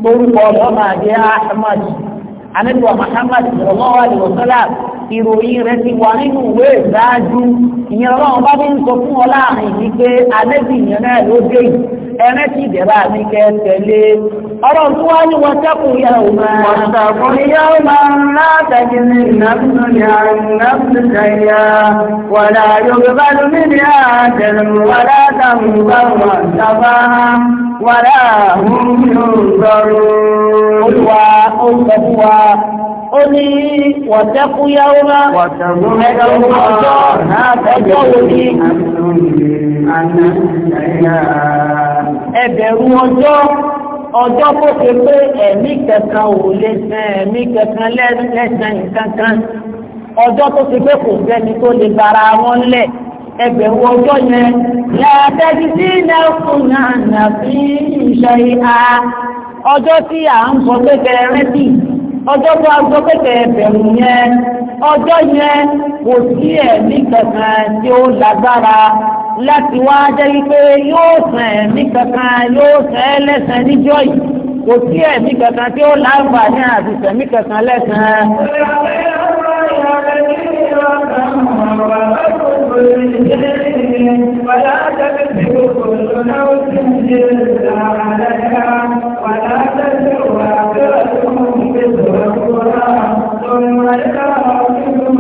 orúkọ ọlọ́mọ àdé ahmad anẹ́tì wa muhammad ọlọ́wà ni wọ́n sọ́lá ìròyìn rẹ ti wà nínú ìwé ìdájú ìyẹn ọlọ́run bá bí ń sọ fún ọ láàrin yìí pé alẹ́bí ìyẹn náà ló dé yìí ẹrẹ́ tí ìdẹ̀rà ní kẹ́ tẹ̀lé ọ̀rọ̀ tó wá ní wọ́tẹ́kù yà ò máa wọ́tẹ́kù yà ò máa látàkì ní ìnáfínú yà ìnáfínú yà wàlá yóò bá lómi ní àtẹ̀lẹ̀mù wàlá tàbí bá wà sábà wàlá òun yóò gbọ́rọ̀ ó ní wọ̀tẹ́kúyáwó bá ẹ̀rọ ọjọ́ ọjọ́ wo ni ẹbẹ̀rún ọjọ́ ọjọ́ kó ṣe pé ẹ̀mí kankan ò lè san ẹ̀mí kankan lẹ́sàn kankan ọjọ́ tó ṣe pé kò sẹ́ni tó lè bara wọn lẹ̀ ẹgbẹ̀rún ọjọ́ yẹn lẹ́ẹ̀ẹ́dẹ́gbẹ̀ sí lẹ́kùn náà nàbí ìṣe ìhà ọjọ́ tí à ń sọ pé kẹrẹ́rẹ́ ọjọ́ tó a gbọ́ pẹ̀tẹ̀ ẹ̀bẹ̀rù yẹn ọjọ́ yẹn kò sí ẹ̀mí kankan tí ó lágbára láti wá jẹ́ wípé yóò sàn ẹ̀mí kankan yóò sàn ẹ́ lẹ́sàn-án níjọ́ yìí kò sí ẹ̀mí kankan tí ó láǹfààní àti sẹ̀mí kankan lẹ́sàn-án. ولا تبذل كل نفس إلا عليها ولا تزر Ọlọ́run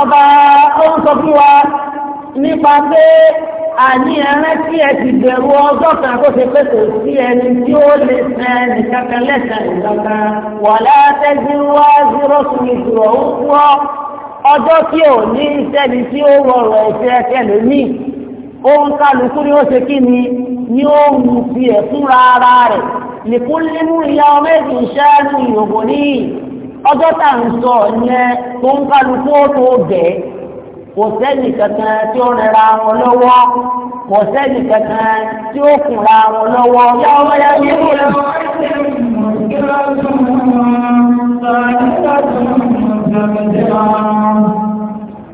ọba ó ń sọ fún wa nípa pé àní ẹran tí ẹ ti bẹ̀rù ọjọ́ kan kó ṣe pé kò sí ẹni tí ó lè sẹ nìkankan lẹ́sẹ̀ ìjọba wà látẹ́jú wá zero three zero ó fún ọ ọjọ́ tí ò ní sẹ́ni tí ó rọrùn ẹ̀sẹ̀ ẹ̀sẹ̀ lónìí ohun kálukú ni ó ṣe kí ni ní òòrùn fi ẹ̀ fúnra ara rẹ̀ nìkún nínú ìyá ọmọ èdè ìṣáájú ìyòbó ní ọjọ́ tá à ń sọ yẹn tó ń kálukú tó bẹ́ẹ̀ kò sẹ́ni kankan tí ó rẹra wọn lọ́wọ́ kò sẹ́ni kankan tí ó kùnra wọn lọ́wọ́ yá ọmọ yá ní ìlú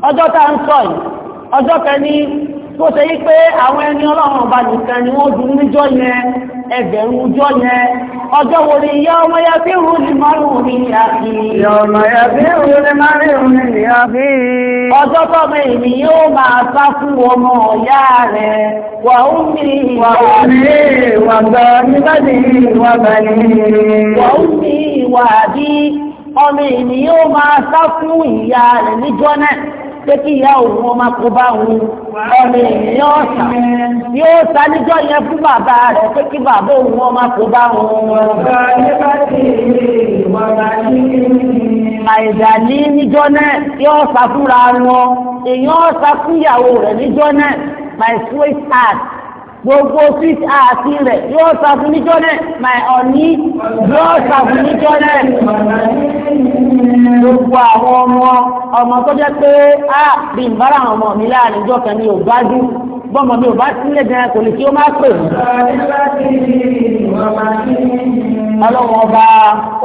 ọjọ́ tá ń sọ ọjọ́ kẹ́ni. tó ṣe yí pé àwọn ẹni ọlọ́run ọba nìkan ni wọ́n dùn níjọ́ yẹn ẹgbẹ̀rún ọjọ́ yẹn ọjọ́ wo ni ìyá ọmọ ya fi rú ni márùn-ún ni ìyá ya fi ọjọ́ tọ́mọ yóò máa sá fún ọmọ ọ̀yá rẹ̀ wà ó mi. ìwà wà ní. ìwà ìwà pé kí ìyá òun ọmọ kó bá òun ọmọ ènìyàn ọ̀sà yóò sá níjọ́ yẹn fún bàbá rẹ̀ pé kí bàbá òun ọmọ kó bá òun. ọ̀gá ní bá ti rí ìwọ̀nba ní àìdá ní níjọ́ náà yóò sá fúnra wọn èèyàn ọ̀sà fún ìyàwó rẹ̀ níjọ́ náà my sweet heart gbogbo fit àti rẹ̀ yóò sàfún níjọ́ náà my ọ̀ní yóò sàfún níjọ́ náà gbogbo àwọn ọmọ ọmọ tó jẹ́ pé a bí n bára àwọn ọmọ mi láàrin ìjọ kan ní ògbájú bọ́mọ mi ò bá sílẹ̀ gan kò lè kí ó má pè mí. ọlọ́wọ́n ọba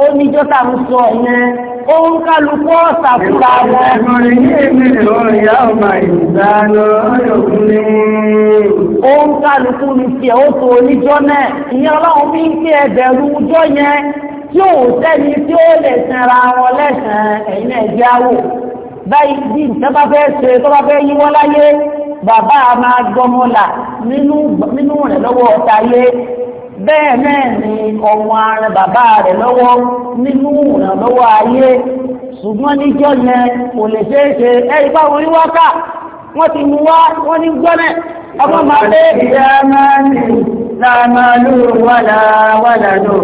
ó níjọ́ tá a ń sọ ìyẹn ó ń kálukú ọ̀sà fúra wọn. Ẹ̀kùnrin yìí ní ìrọ̀rùn ìyá ọmọ ìdáná ọ̀yọ̀kùnrin. Ó ń kálukú ní tiẹ̀ ó tó oníjọ́ náà. Ìyẹn ọlọ́run fi ń pé ẹbẹ̀rù ọjọ́ tí bá fẹ́ ṣe tó bá fẹ́ yíwọ́ láyé, bàbá máa gbọmọlà nínú rẹ̀ lọ́wọ́ ọ̀tá bẹ́ẹ̀ náà ni ọmọ ara bàbá rẹ̀ lọ́wọ́ nínú ìrànlọ́wọ́ ayé ṣùgbọ́n níjọ́ yẹn kò lè ṣeé ṣe ẹ̀rí báwo rí wá ká wọ́n ti mú wá wọ́n ní gbọ́nẹ̀ ọmọ máa lé ìyá máa ń lámàlú wàlà wàlà lò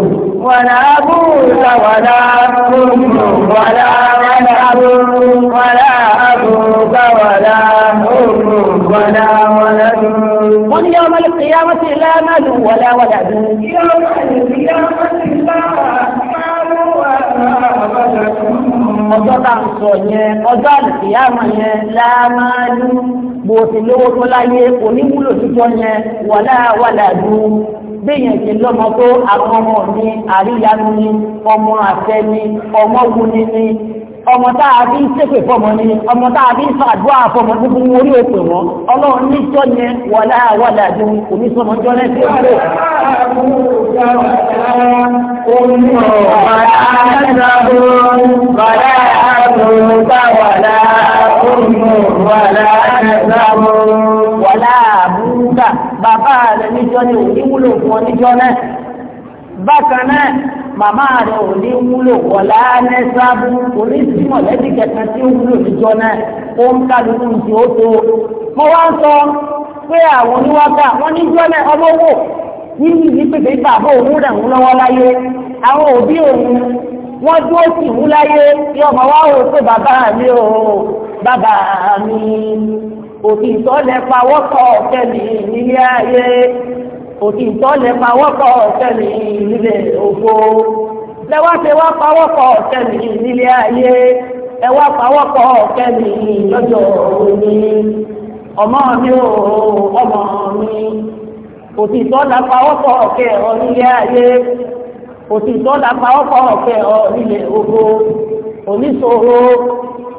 wàlà búrúta wàlà búrúta wàlà wàlà búrúta wàlà àbúrúta wàlà òkú wàlà wàlà lò wọ́n ní yàrá lè kéyà wọ́n ti lé mẹ́lú wọlé wọlé àdúgbò. yàrá lè kéyà wọ́n ti lé mẹ́lú wọlé ọjọ́ tá à ń sọ yẹn ọjọ́ àlùfíà mọ̀ yẹn láàmú bó ti lówó tó láyé oníwúlò títọ́ yẹn wọlé wọlé àdúgbò béèyàn ṣe lọ́mọ tó àwọn ọmọ mi àríyanu ni ọmọ àfẹ́ ni ọmọ wuni ni ọmọ tá a fi ń ṣépè fọmọ ni ọmọ tá a fi ń fàdúrà fọmọ gbogbo wọn orí òpè wọn ọlọ́run níjọ́ yẹn wàlá wàlá ju onísọmọ jọ náà ti ń lò. Wàlá àbúrúkà bàbá rẹ̀ níjọ́ ni òní wúlò fún ọ níjọ́ náà. Bákan náà màmá rẹ̀ ò ní wúlò wọ̀lá nẹ́sàbù oríṣi mọ̀lẹ́bí kẹta tí ó wúlò níjọ náà ó ń kálukú ti ó tó. mo wá ń sọ pé àwọn oníwábà wọn níjọ náà ọmọ wò nínú ìlú pépé bàbá òun rẹ̀ ń lọ́wọ́ láyé àwọn òbí òun wọ́n dúró sí ìwú láyé kí ọmọ wa ò tó bàbá mi o bàbá mi òbí ìtọ́lẹ̀ pa wọ́pọ̀ ọ̀kẹ́ nílé ayé. òtítọ́ lè pawọ́pọ̀ ọ̀tẹ́ mi ògbó lẹ́wọ́ ti wá pawọ́pọ̀ ayé ẹwà pawọ́pọ̀ ọ̀tẹ́ ọmọ mi ò ọmọ mi òtítọ́ la pawọ́pọ̀ ọ̀kẹ́ ayé pawọ́pọ̀ ọ̀kẹ́ ògbó oníṣòro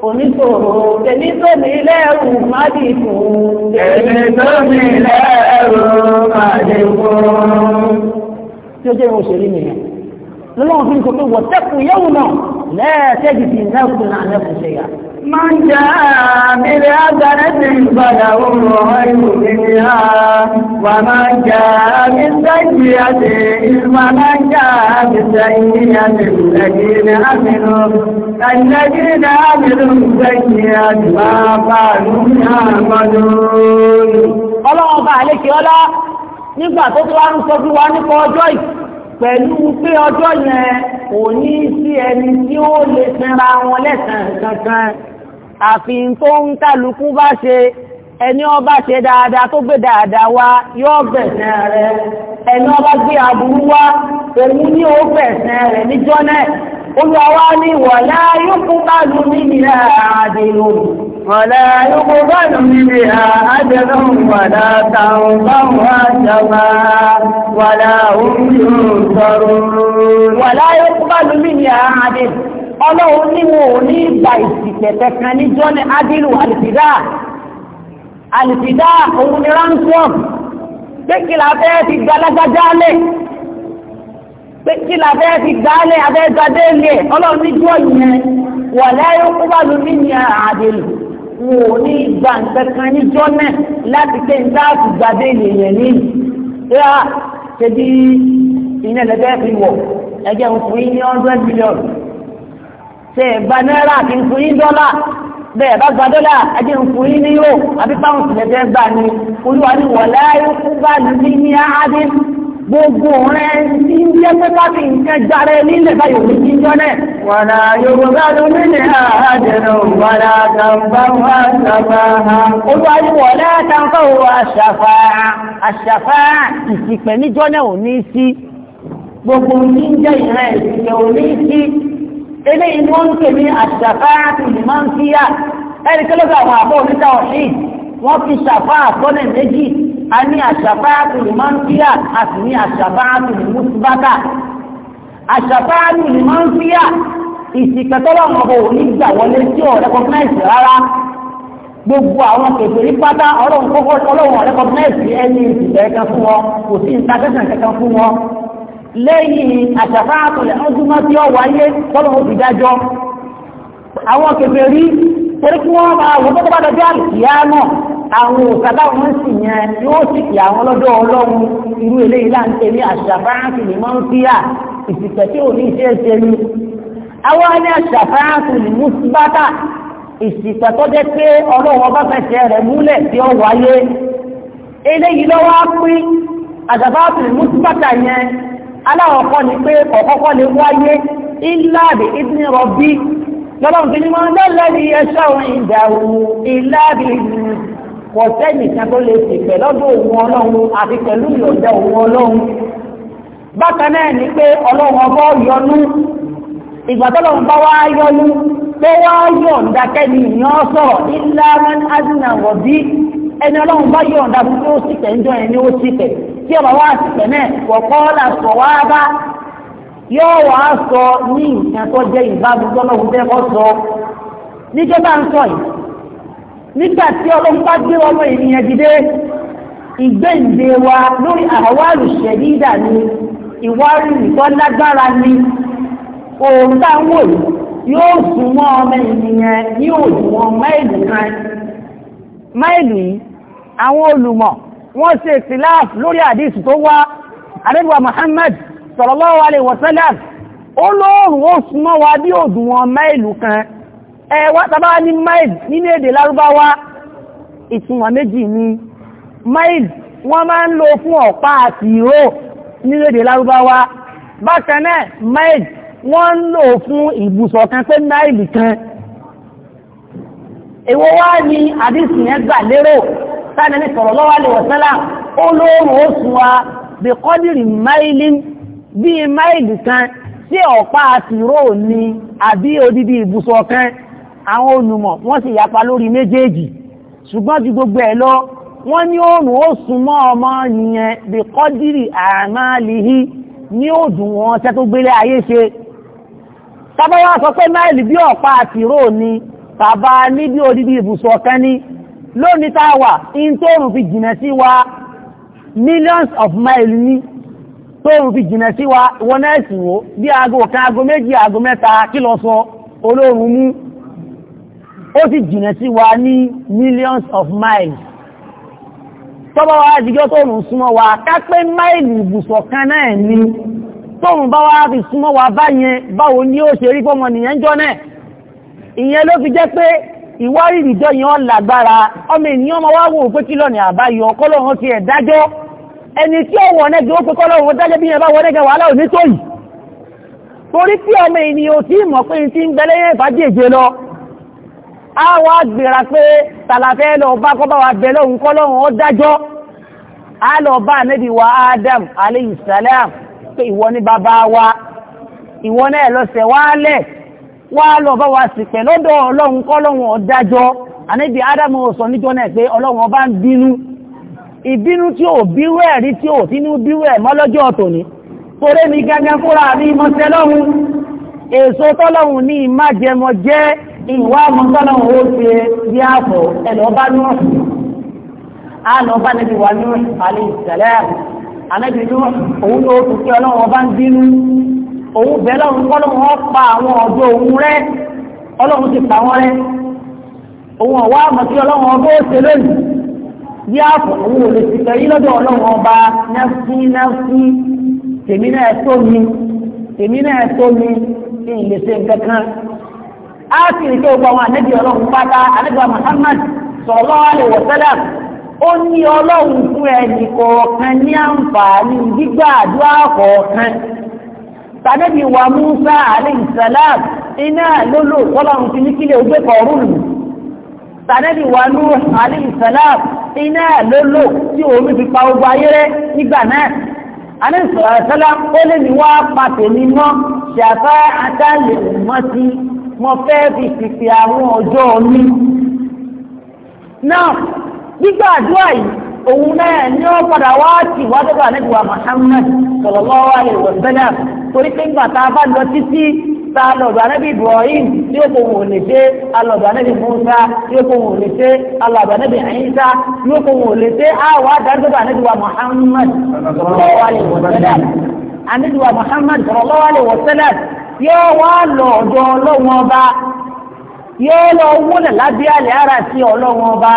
oníṣòro tèmi tó mi lẹ́rù má tí ó jẹ́ ìwọ̀n òṣèlú nìyẹn lọ́wọ́ fi ń kò pé wọ̀tẹ́kù yẹ́wù náà lẹ́ẹ̀tẹ́jì sí ìnáwó náà lẹ́kùn ṣe yà. máa ń jẹ́ àmìlẹ̀ agbára ti ń padà òun ọ̀rọ̀ ìwòmìnì wà máa ń jẹ́ àmì àti ìmọ̀ máa ń jẹ́ àmì àti ìrẹ̀jì àmìlú ọlọ́wọ́n bá àlékè ọlá nígbà tó tó wá ń sọ fún wa nípa ọjọ́ yìí pẹ̀lú pé ọjọ́ yẹn kò ní sí ẹni tí ó lè sinra wọn lẹ́sàn-án kankan àfi tó ń kálukú bá ṣe ẹni ọba ṣe dáadáa tó gbé dáadáa wá yóò bẹ̀sẹ̀ rẹ̀ ẹni ọba gbé aburú wá òun ní ó bẹ̀sẹ̀ rẹ̀ níjọ́ náà olùwàwá ni wọ̀lá yóò fún bá lù mí ní àádìrò wọ̀lá yóò fún bá lù mí ní àádìrò wọ̀lá tàun báwọn àjọba wọ̀lá òun yóò sọ̀rọ̀ wọ̀lá yóò fún bá lù mí ní àádìrò ọlọ́run ní wọn ò ní ìgbà ìsìkẹ̀tẹ̀ kan ní jọ́ni adilu alìfidá alìfidá òun ni ransom pé kí la fẹ́ ti gbalágbájá pé kí la bẹ́ẹ̀ fi gbálẹ̀ abẹ́gbadé lẹ̀ ọlọ́run ní jọ́ yẹn wà láyé kó bá lu mí ní àdèlù wò ní ìgbà nǹkankan níjọ́ náà láti pé nígbà tó gbadé lè yẹn ní. yá ṣebí ìyẹn lẹ́gbẹ́ fi wọ̀ ẹ̀jẹ̀ ń fún yín ní hundred million ṣe gba náírà kí n yín dọ́là bẹ́ẹ̀ bá gba dọ́là ẹjẹ́ ń yín ní yóò àbí pound lẹ́gbẹ́ gbà ní olúwa ní wà láyé kó bá lu ní àdèlù gbogbo rẹ̀ tí ń jẹ́ pé káfí nǹkan járe nílẹ̀ báyìí òní jíjọ́ náà. wàrà yorùbá ló nílẹ̀ àádẹ́rọ wàrà tàǹfà wà ṣàfà. olùwàlúwọ̀ látàǹfà wà ṣàfà àṣàfà ìsìpẹ̀ níjọ́ náà ò ní sí gbogbo ní ń jẹ́ ìrìn ìsìpẹ̀ ò ní sí eléyìí ni wọ́n ń pè ní àṣàfà àti ìmọ̀ ń kíyà ẹnikẹ́lẹ́gbẹ̀ àwọn àbọ̀ oníta ọ̀sìn wọ́n fi ṣàfá àkọ́lẹ̀ méjì a ní àṣàfá àtùlùmọ́ńfíà a sì ní àṣàfá àtùlùmọ́sibátà àṣàfá àtùlùmọ́ńfíà ìsìkẹtọ́lọ́mọ bò ní gbà wọlé tí ò rẹ́kọ̀gnáìsì rárá gbogbo àwọn kèfèrí pátá ọlọ́run kókó ọlọ́run rẹ́kọ̀gnáìsì ẹni ìsìkẹ́ kan fún wọn kò sí ìtakẹ́sàn kankan fún wọn lẹ́yìn àṣàfá àtùlẹ̀ ọdúnmọ́ tí ó àwọn òkàtà wọn sì yẹn yóò sì kí àwọn lọ́dọ̀ ọlọ́run irú eléyìí là ń tẹ ní ní tí ò ní ṣe ni àwọn ní ní tó jẹ́ pé ọlọ́run ọba fẹsẹ̀ rẹ̀ múlẹ̀ tí ó wáyé eléyìí lọ́wọ́ á pín ní mùsùlùmátà yẹn aláwọ̀kọ́ ni pé ọ̀kọ́kọ́ lè wáyé ìlàbí ìdíni kò sẹ́nìkan tó lè sì pẹ̀ lọ́dọ̀ òun ọlọ́run àti pẹ̀lú ìyọ̀dá òun ọlọ́run bákan náà ni pé ọlọ́run ọgbọ́ yọnú ìgbà tọ́lọ́run bá wá yọnú tó wá yọ̀ǹda kẹ́ni ìyàn sọ̀rọ̀ ilá man adina wọ̀bí ẹni ọlọ́run bá yọ̀ǹda fún tó sì pẹ̀ ń jọ ẹni ó sì pẹ̀ tí ọba wá sì pẹ̀ náà wọ̀kọ́ là sọ wá bá yóò wá sọ ní nǹkan tó jẹ́ ìbámu tọ́lọ́run fẹ́ kọ́ sọ níjọba ń sọ yìí nígbà tí ọlọ́run bá gbé ọmọ ènìyàn dìde ìgbéǹde wa lórí àwárù ṣẹ̀dídà ni ìwárù ìtọ́ lágbára ni òun tá ń wò yóò sún mọ́ ọmọ ènìyàn ní òdiwọ̀n máìlì kan máìlì yìí àwọn olùmọ̀ wọ́n ṣe ìtìláàf lórí àdísù tó wá àdébùwà Muhammad sallallahu alaihi wasallam ó lóòrùn ó súnmọ́ wa bí òdiwọ̀n máìlì kan ẹwà tàbá ní mile nínú èdè lárúbáwá ìtumọ̀ méjì ni mile wọ́n máa ń lò fún ọ̀pá àti ìró nínú èdè lárúbáwá bákan náà mile wọ́n ń lò fún ìbùsọ̀ kan pé mile kan èwo wá ní àdísì yẹn gbà lérò sáà ní sọ̀rọ̀ lọ́wọ́ lè wọ̀sẹ́lá ó lóòrùn ó sùn wa bí kọ́dìrì máìlì bí máìlì kan sí ọ̀pá àti ìró ní àbí odidi ìbùsọ̀ kan àwọn olùmọ̀ wọ́n sì yapa lórí méjèèjì ṣùgbọ́n ju gbogbo ẹ̀ lọ wọ́n ní oòrùn ó súnmọ́ ọmọ nìyẹn bí kọ́dírì àmàlìhí ní òdùn wọn tẹ́ tó gbélé ayé ṣe tábáwá sọ pé máìlì bí ọ̀pá àti rò ní bàbá ní bí odidi ibùsọ̀ ní lónìí tá a fi jìnà sí wa millions of miles ní tó rùn fi jìnà sí wa wọ́n náà sì wò bí aago kan aago méjì aago mẹ́ta kí sọ olóòrùn mú ó sì jìnà sí wa ní millions of miles tọ́bọ̀ wá àjíjọ́ tó rùn súnmọ́ wa kápẹ́ máìlì ìbùsọ̀ kan náà ni tóun bá wá fi súnmọ́ wa báyẹn báwo ní ó ṣe rí fọ́mọ nìyẹn jọ náà ìyẹn ló fi jẹ́ pé ìwárìrì jọ yẹn lágbára ọmọ ènìyàn ọmọ wò pé kílọ̀ ní ti ẹni tí ó ó pé kọ́lọ́run a wá gbèrà pé tàlàfẹ́ lọ bá kọ́ bá wa bẹ̀ lọ́hùn kọ́ lọ́hùn ó dájọ́ a lọ bá ànábì wa Adam alayhi salam pé ìwọ ni bàbá wa ìwọ náà lọ́sẹ̀ wálẹ̀ wá lọ bá wa sì pẹ̀ lọ́dọ̀ ọlọ́hùn kọ́ lọ́hùn ó dájọ́ ànábì Adam ò sọ níjọ́ náà pé ọlọ́hùn ọba ń bínú ìbínú tí ò bírú ẹ̀ rí tí ò tínú bírú ẹ̀ mọ́ lọ́jọ́ tòní torí mi gẹ́gẹ́ fúnra mi mọ́sẹ́ èso ní ìmájẹmọ jẹ́ ìwà ọmọ tọ́lọ́hùn ó ṣe bí àpò ẹ̀lọ́bá náà níbi wà ní ìṣẹ̀lẹ̀ ní òun ló kí ọlọ́run ọba ń bínú òun lọ́run kọ́lọ́run pa àwọn òun ọlọ́run ti pa wọ́n òun ọ̀wá àmọ́ kí ọlọ́run ọba ó ṣe lónìí bí àpò òun ò lè ti tẹ̀yí lọ́dọ̀ ọlọ́run ọba náfí náfí tèmi náà kí n lè ṣe nǹkan kan á sì rí pé gbogbo àwọn ànábì ọlọ́run pátá ànábì Muhammad sallallahu alaihi wasallam ó ní ọlọ́run fún ẹnì kọ̀ọ̀kan ní àǹfààní gbígbà àdúrà kọ̀ọ̀kan tàbí wa Musa alayhi salam iná lólò tọ́lọ́run ti ní kílẹ̀ ogbé kọ̀ọ̀rùn tàbí wa Nuh alayhi salam iná lólò tí omi fi pa ogun ayẹ́rẹ́ nígbà náà alayhi ó lè ní wá pàtẹ́ ní ṣàfà àtàlẹ̀ mọ́tí mo fẹ́ fi fìfì àwọn ọjọ́ mi. náà gbígbà àdúrà yìí òun náà ní ó padà wá sí ìwádọ́gbà níbi wa Muhammad sallallahu alaihi wa sallam torí pé nígbà tá a bá lọ títí ta lọ̀dọ̀ anábì Ibrahim tí ó kò wò lè ṣe alọ̀dọ̀ anábì Musa tí ó kò wò lè ṣe alọ̀dọ̀ anábì Isa tí ó kò wò lè ṣe àwọn adájọ́gbà níbi wa Muhammad sallallahu alaihi wa sallam aniduwa muhammad sallallahu alaihi wa sallam yóò wá lọ ọ̀dọ̀ ọlọ́wọ́n ọba yóò lọ wúlẹ̀ lábẹ́ àlẹ́ ara sí ọlọ́wọ́n ọba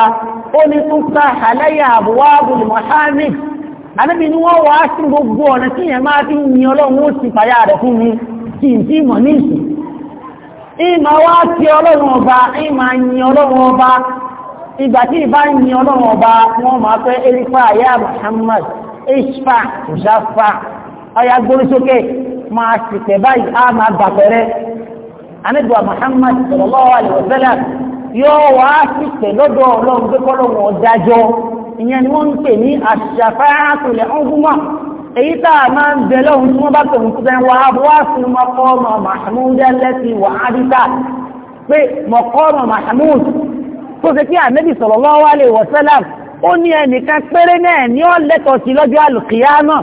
ó ní túnṣà àlẹ́yà àbúwá abúlé muhammad àbẹ́bí ni wọ́n wá sí gbogbo ọ̀nà tí yẹn máa fi yin ọlọ́run ó sì fàyà rẹ̀ fún mi kí n tí mọ̀ ní ìsìn ìmọ̀ wá sí ọlọ́run ọba ìmọ̀ yin ọlọ́run ọba ìgbà tí ìbá yin ọlọ́run ọba wọ́n máa fẹ́ erifa ayá muhammad ishfa musafa ọ̀yà gbórí sókè máa ṣìṣẹ́ báyìí á máa bà pẹ̀rẹ́ anábìwá Muhammad sallallahu alaihi wasallam yóò wá ṣìṣẹ́ lọ́dọ̀ ọlọ́run pé kọ́lọ́wọ́ dájọ́ ìyẹn ni wọ́n ń pè ní àṣàfáàtòlẹ̀ ọ̀gbùnmọ̀ èyí tá a máa ń bẹ lọ́hùn tí wọ́n bá pè ń tẹ́ wá wá sí mọ́kọ́ọ̀mù Mahmud ẹlẹ́sì wàhálítà pé mọ́kọ́ọ̀mù Mahmud tó ṣe kí ànábì sallallahu alaihi wasallam ó ní ẹnìkan péré náà ní ó lọ́jọ́ àlùkìyá náà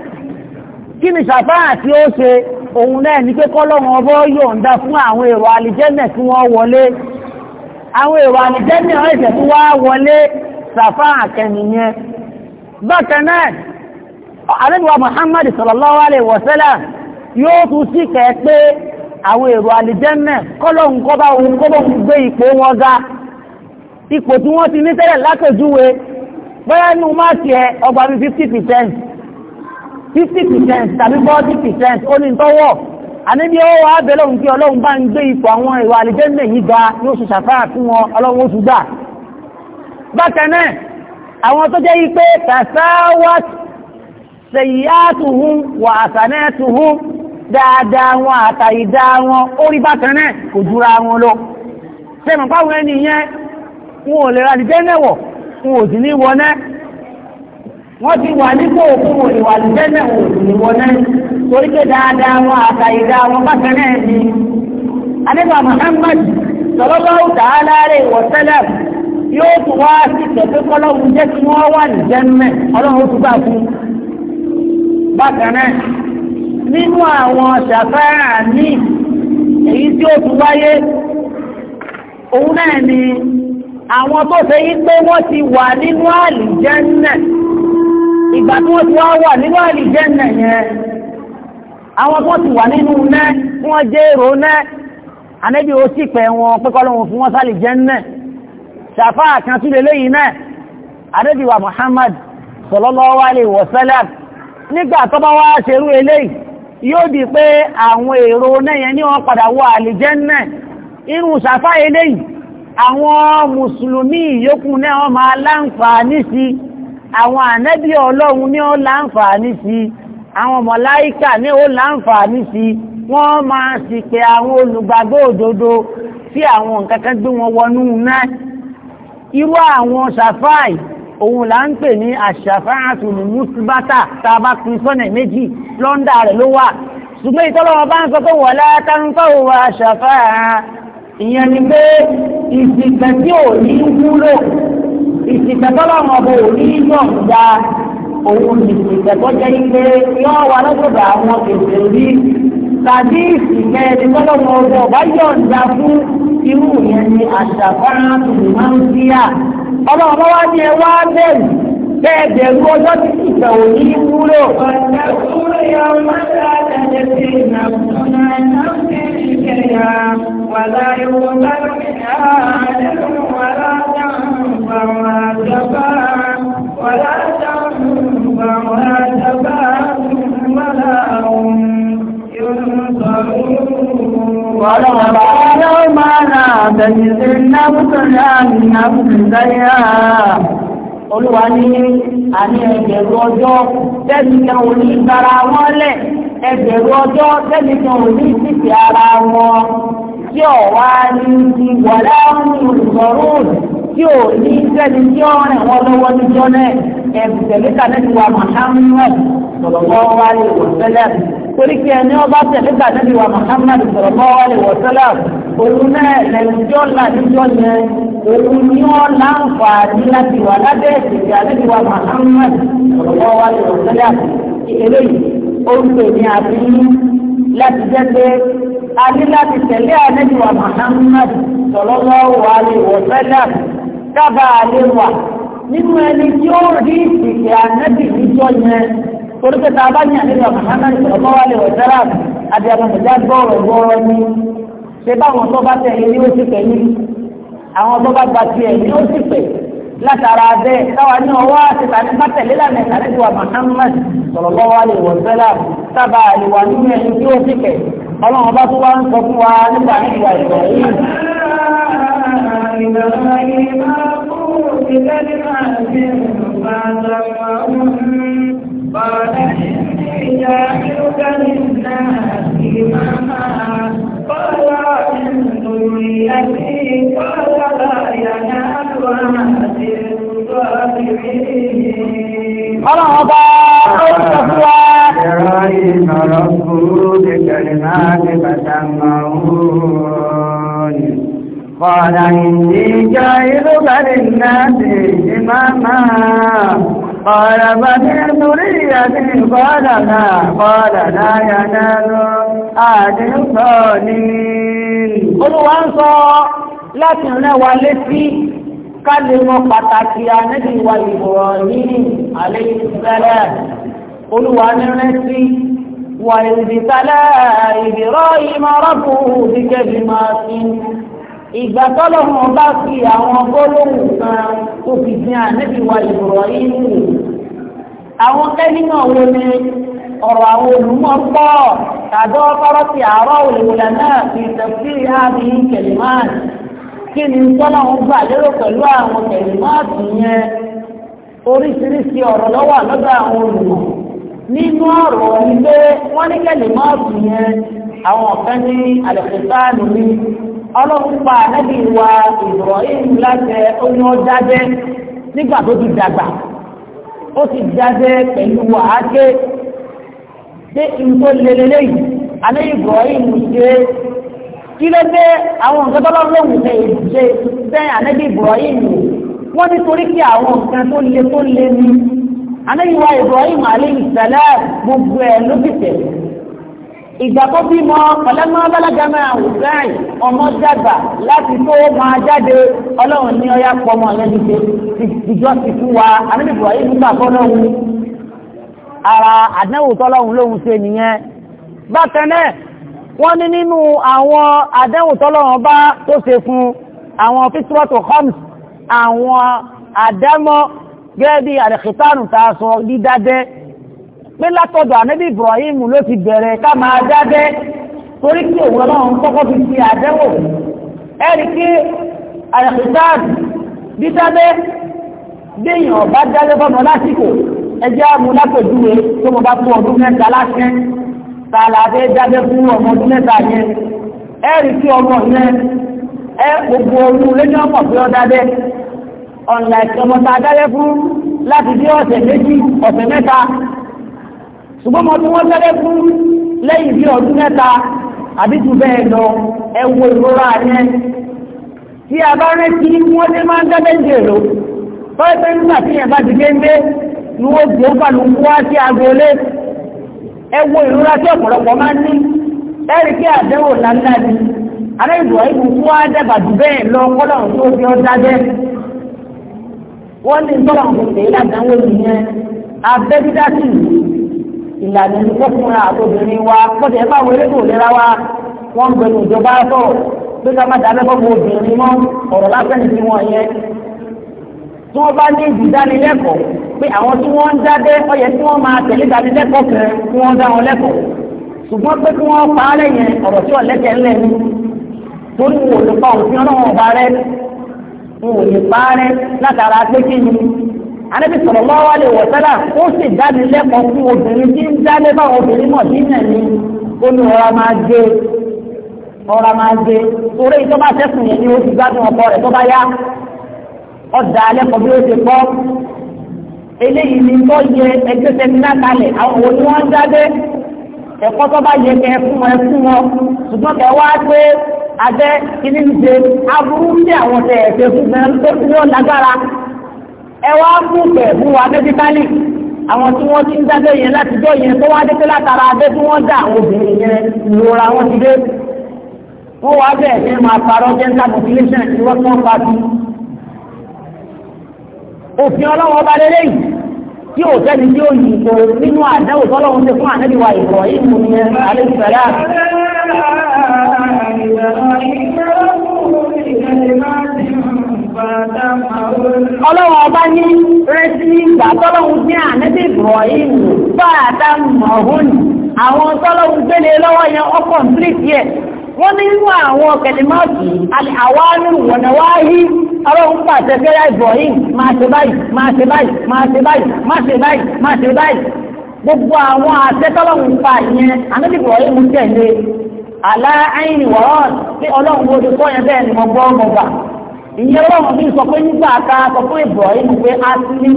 kí ni ṣàfáà tí ó ṣe òun náà ní pé kọ́lọ́wọ́n ọbọ́ yọ̀ǹda fún àwọn èrò àlìjẹ́nà tí wọ́n wọlé àwọn èrò àlìjẹ́nà ẹ̀jẹ̀ tí wọ́n wọlé ṣàfáà kẹ́niyẹn bákan náà Muhammad sallallahu alaihi wasallam yóò tún sí kẹ́ pé àwọn èrò àlìjẹ́nà kọ́lọ́hun kọ́bá òun kọ́bá òun gbé ipò wọn ga ipò fifty percent fifty percent tàbí forty percent ó ní tọ́wọ́ àníbi ó wà bẹ̀rẹ̀ òun kí ọlọ́run bá ń gbé ipò àwọn ìwà àlìjẹ́nà yìí ga yóò ṣe ṣàfáà fún wọn ọlọ́run oṣù gbà bákan náà àwọn tó jẹ́ ipé tàṣáwà sẹ̀yìyàtùhún wà àṣànẹ́tùhún dáadáa wọn àtàìdá wọn orí bákan náà kò jura wọn lọ sẹ́mọ̀ páwọn ẹni yẹn wọn ò lè ra àlìjẹ́nà wọ̀ wọn ò sì ní wọnẹ́ wọ́n ti wà ní kó òkú wò ìwà lùjẹ́nẹ̀ wò ní wọn náà torí pé dáadáa wọn àtà ìdá wọn bákan náà ni. Adébà Muhammad sallallahu ta'ala alaihi wa sallam yóò tún wá sí pẹ̀lú kọ́lọ́hún jẹ́ kí wọ́n wà ní jẹ́mẹ̀ ọlọ́run tún bá fún. Bákan náà nínú àwọn ṣàfẹ́ràn ní èyí tí ó tún wáyé òun náà ni àwọn tó fẹ́ yí pé wọ́n ti wà nínú àlùjẹ́nẹ̀ ìgbà tí wọ́n ti wá wà nínú àlìjẹ́nà yẹn àwọn tó ti wà nínú náà wọ́n jẹ́ èrò náà anẹ́bí ó sì pẹ̀ wọn pẹ́kọ́lọ́wọ́n fún wọn sálì jẹ́nà ṣàfá àkàntúlẹ̀ lẹ́yìn náà anẹ́bí wa Muhammad sallallahu alaihi wasallam nígbà tó bá wá ṣerú eléyìí yóò di pé àwọn èrò náà yẹn ní wọ́n padà wọ àlìjẹ́nà inú ṣàfá eléyìí àwọn mùsùlùmí yòókù náà máa láǹfààní sí i àwọn ànábì ọlọ́run ní ó láǹfààní sí àwọn mọ̀láíkà ní ó láǹfààní sí wọ́n máa sì pé àwọn olùgbàgbọ́ òdodo sí àwọn nǹkan kan gbé wọn wọnú náà irú àwọn ṣàfáì òun là ń pè ní àṣàfáàtùn mùsùlùmátà tá a bá pín sọ́nà méjì lọ́ndà rẹ̀ ló wà ṣùgbọ́n ìtọ́lọ́wọ́ bá ń sọ pé wọ̀lá táńkọ́ wa ìyẹn ni pé ìsìnkà tí ò ní wúlò ìsìnkẹ́tọ́lọ́mọ bò ní yọ̀ǹda òun ìsìnkẹ́tọ́jẹ́ ilé yọ̀ wà lọ́sọ̀dọ̀ àwọn kèké rí tàbí ìsìnkẹ́ ìsìnkẹ́tọ́lọ́mọ bò ọba yọ̀ǹda fún irú yẹn ni àṣàkọ́nà tòun máa ń bíyà ọba ọba wa ni ẹ wá bẹ́ẹ̀ bẹ́ẹ̀ bẹ̀rù ọjọ́ tí ìfẹ́ ò ní wúlò. ọ̀nà ولربنا ما لا تجزي النفس عن نفس شيئا olúwa ní àní ẹgbẹ̀rún ọjọ́ tẹ́nìkan ò ní gbára wọn lẹ̀ ẹgbẹ̀rún ọjọ́ tẹ́nìkan ò ní títì ara wọn tí ò wá ní ti wà láwọn olùsọ̀rọ̀ tí ò ní sẹ́ni tí ó lọ́wọ́ níjọ́ náà ẹ̀bùtẹ̀lé kànẹ́tì wa Muhammad sallallahu alaihi wa sallam torí kí ẹni ọba tẹ̀lé kànẹ́tì wa Muhammad sallallahu alaihi wa sallam òun náà lẹ́yìnjọ́ là níjọ́ yẹn òun ni ó láǹfààní láti wà lábẹ́ ìṣèjì àlejò wa Muhammad sallallahu alaihi wa sallam eléyìí ó ń pè ní àbí láti jẹ́ pé a ní láti tẹ̀lé àlejò wa Muhammad sallallahu alaihi wa sallam dábàá lè wà nínú ẹni tí ó rí ìsìnkè ànábì níjọ́ yẹn torí pé tá a bá ní àdéhùn Muhammad sallallahu alaihi wasallam àti àbàmọ̀já gbọ́ọ̀rọ̀ gbọ́ọ̀rọ̀ ni ṣé báwọn tó bá tẹ̀lé ní ó sì pè ní àwọn tó bá gba tiẹ̀ ní ó sì pè látara bẹ́ẹ̀ táwa ní ọwọ́ àti bá tẹ̀lé lànà ìtàlẹ́dùwà Muhammad sallallahu alaihi wasallam àlèwà nínú ẹni tí ó sì ọlọ́run bá tún wá ń sọ fún wa nípa nípa ìgbà yìí. بكلمات فاتمهن قال إني جاعلك للناس إماما قال إن ذريتي قال لا ينال أحد الظالمين إبراهيم ربه بكلمات فتمهن قال إني جاعلك للناس إماما قال فمن ذريتي قال لا قال لا ينال عهد الظالمين Olúwa ń sọ láti rán wa létí ká lè mọ pàtàkì ànábì wa Ibrahim alayhi salam Olúwa ní rántí wa ìdìtálẹ̀ Ibrahim rabbuhu ìgbà tọ́lọ́hún bá fi àwọn gbólóhùn kan tó fi fi hàn ìbọ̀rọ̀ inú àwọn kẹ́límà wo ni ọ̀rọ̀ àwọn olùmọ̀ pọ̀ tàbí ọkọ̀rọ̀ ti àárọ̀ òlùwòlẹ̀ náà fi tẹ̀sí àbí kẹ̀lìmáà kí ni tọ́lọ́hún gbà lérò pẹ̀lú àwọn kẹ̀lìmáà orisi yẹn oríṣiríṣi ọ̀rọ̀ lọ́wọ́ lọ́dọ̀ àwọn olùmọ̀ nínú ọ̀rọ̀ ni wọ́n ní kẹ̀lìmáà yẹn àwọn ọ̀fẹ́ ní nìyí ọlọ́pàá anábì wa Ibrahim láti oyún ọjájẹ́ nígbà tó ti dàgbà ó ti jájẹ́ pẹ̀lú àáké dé ìgbó lélẹ́lẹ́ yìí alẹ́ Ibrahim ṣe kí ló dé àwọn nǹkan tọ́lọ́ lóhùn ṣe ṣe bẹ́ẹ̀ anábì Ibrahim wọ́n nítorí kí àwọn nǹkan tó le tó le ní anábì wa Ibrahim alẹ́ gbogbo ẹ̀ ló ti tẹ̀lé ìgbà tó bímọ ọlọ́mọ bálágàmọ àwùjáì ọmọ dàgbà láti tó máa jáde ọlọ́run ní ọyá pọmọ lẹ́nu ṣe ìjọ sì fún wa àdébìbò ayé nígbà fọlọ́hún ara àdánwò tọ́lọ́hún lòún ṣe nìyẹn bákan náà wọ́n ní nínú àwọn àdánwò tọ́lọ́hún bá tó ṣe fún àwọn fitrọ́tò homs àwọn àdámọ́ gẹ́gẹ́ bí àdèkìtánù tá a sọ dídádẹ́ pé látọ̀dọ̀ ànábì Ibrahim ló ti bẹ̀rẹ̀ ká máa dábẹ́ torí kí òun ọlọ́run kọ́kọ́ fi ti àdẹ́wò ẹ̀rí kí àyàkùtáàdì dídábẹ́ déèyàn ọ̀bá dábẹ́ fọmọ lásìkò ẹjẹ́ àmú lápẹ̀júwe tó mo bá fún ọdún mẹ́ta láṣẹ tààlàbẹ́ dábẹ́ fún ọmọ ọdún mẹ́ta yẹn ẹ̀rí kí ọmọ yẹn ẹ gbogbo olú lẹ́yìn ọmọ fi ọ́ dábẹ́ ọ̀nà ìṣọmọta dábẹ́ fún láti bí ọ̀sẹ̀ méjì ọ̀sẹ̀ mẹ́ta ṣùgbọ́n mo tún wọ́n tẹ́lẹ̀ fún lẹ́yìn bí ọdún mẹ́ta àbí jù bẹ́ẹ̀ lọ ẹ wo ìrora yẹn tí a bá rántí wọ́n lè máa ń dábẹ́ jẹ lò tọ́lẹ̀ pé nígbà tí yẹn bá ti géńdé ni wọ́n gbé ó pàlù kú wá sí agboolé ẹ wo ìrora tí ọ̀pọ̀lọpọ̀ máa ń ní ẹ̀rí kí àdéhùn lánàá ni àrẹ ìbùwà ìbù kú wá dàgbà jù bẹ́ẹ̀ lọ kọ́lọ̀ tó ìlànà ìfọkùnrin àtòbìnrin wa kọ́tà ẹ̀fọ́ àwọn elétò ìlera wa wọ́n ń gbẹnu ìjọba sọ̀ pé ká má dábẹ́ fọ́ fún obìnrin mọ́ ọ̀rọ̀ lásán ní tiwọn yẹn. tí wọ́n bá ní ìdánilẹ́kọ̀ọ́ pé àwọn tí wọ́n ń dábẹ́ ọyẹ tí wọ́n máa tẹ̀lé ìdánilẹ́kọ̀ọ́ kan kí wọ́n dá wọn lẹ́kọ̀ọ́ ṣùgbọ́n pé kí wọ́n pa á lẹ́yìn ọ̀rọ̀ tí wọ́n lẹ́kẹ̀ẹ́ ńlẹ̀ ni torí wò lè pa òfin ọlọ́wọ́n ọba rẹ̀ wò lè pa á rẹ̀ látara pé kí ni Ànábì sallallahu alaihi wa sallam ó sì dánilẹ́kọ̀ọ́ fún obìnrin tí ń dálé báwọn obìnrin mọ̀ nínú ẹ̀mí ó ní ọ̀rá máa gé ọ̀rá máa gé torí tó bá sẹ́sùn yẹn ni ó ti gbádùn ọkọ rẹ̀ tó bá yá ọ̀dà alẹ́kọ̀ọ́ bí ó ti kọ́ eléyìí ni tó yẹ ẹgbẹ́ sẹ́mínà kalẹ̀ àwọn òun ni wọ́n ń ẹ̀kọ́ tó bá yẹ kẹ́ fún ẹ fún wọn ṣùgbọ́n kẹ́ wá pé abẹ́ kìíní ṣe aburú sí àwọn ọ̀sẹ̀ ẹ̀ṣẹ̀ fún ẹ tó ti wọ́n lágbára ẹ wá mú bẹ̀ mú wa débi kálí àwọn tí wọ́n ti ń dábẹ́ yẹn látijọ́ yẹn tó wá débi látara abẹ́ tí wọ́n dá àwọn obìnrin yẹn lóra wọn ti dé wọ́n wá bẹ̀ ẹ̀ máa parọ́ gẹ́ńtà population tí wọ́n tán pa bí. òfin ọlọ́wọ́ bá lélẹ́ yìí tí ò sẹ́ni tí ó yìí kò nínú àdáwò tọ́lọ́wọ́ ṣe fún ànábì wa yìí mú ní alẹ́ ìfẹ́lá. Ọlọ́run ọba ní rẹ́sí ìgbà tọ́lọ́run ní ànẹ́bí Ibrahim fàádà mọ̀hún. Àwọn tọ́lọ́run gbélé lọ́wọ́ yẹn ọkọ̀ ńpìlìtì ẹ̀. Wọ́n ní inú àwọn kẹ̀lẹ́mọ́ọ̀tì àwọn wọ̀nàwáhí ọlọ́run pàṣẹ fẹ́rẹ́ Ibrahim máa ṣe báyìí, máa ṣe báyìí, máa ṣe báyìí, máa ṣe báyìí, Gbogbo àwọn ìyẹn lọ́wọ́ bí sọ pé nígbà ká sọ fún Ibrahim pé a ti ní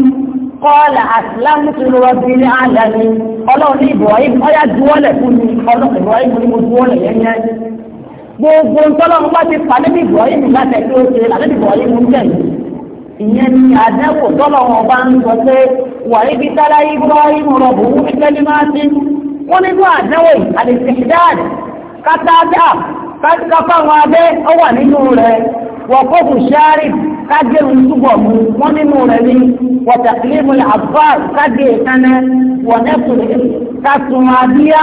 kọ́ọ̀lá àsìlámù tí ló wọ́n ti ní ni ọlọ́run ní Ibrahim ọ̀yá juwọ́lẹ̀ fún mi ọlọ́run ni mo juwọ́lẹ̀ yẹn yẹn gbogbo ntọ́lọ́run bá ti níbi láti láti ń tẹ̀lé ìyẹn وقف الشارب قدر الصبح ومن مرمي وتقليم العبار قدر سنة ونصر كالصمادية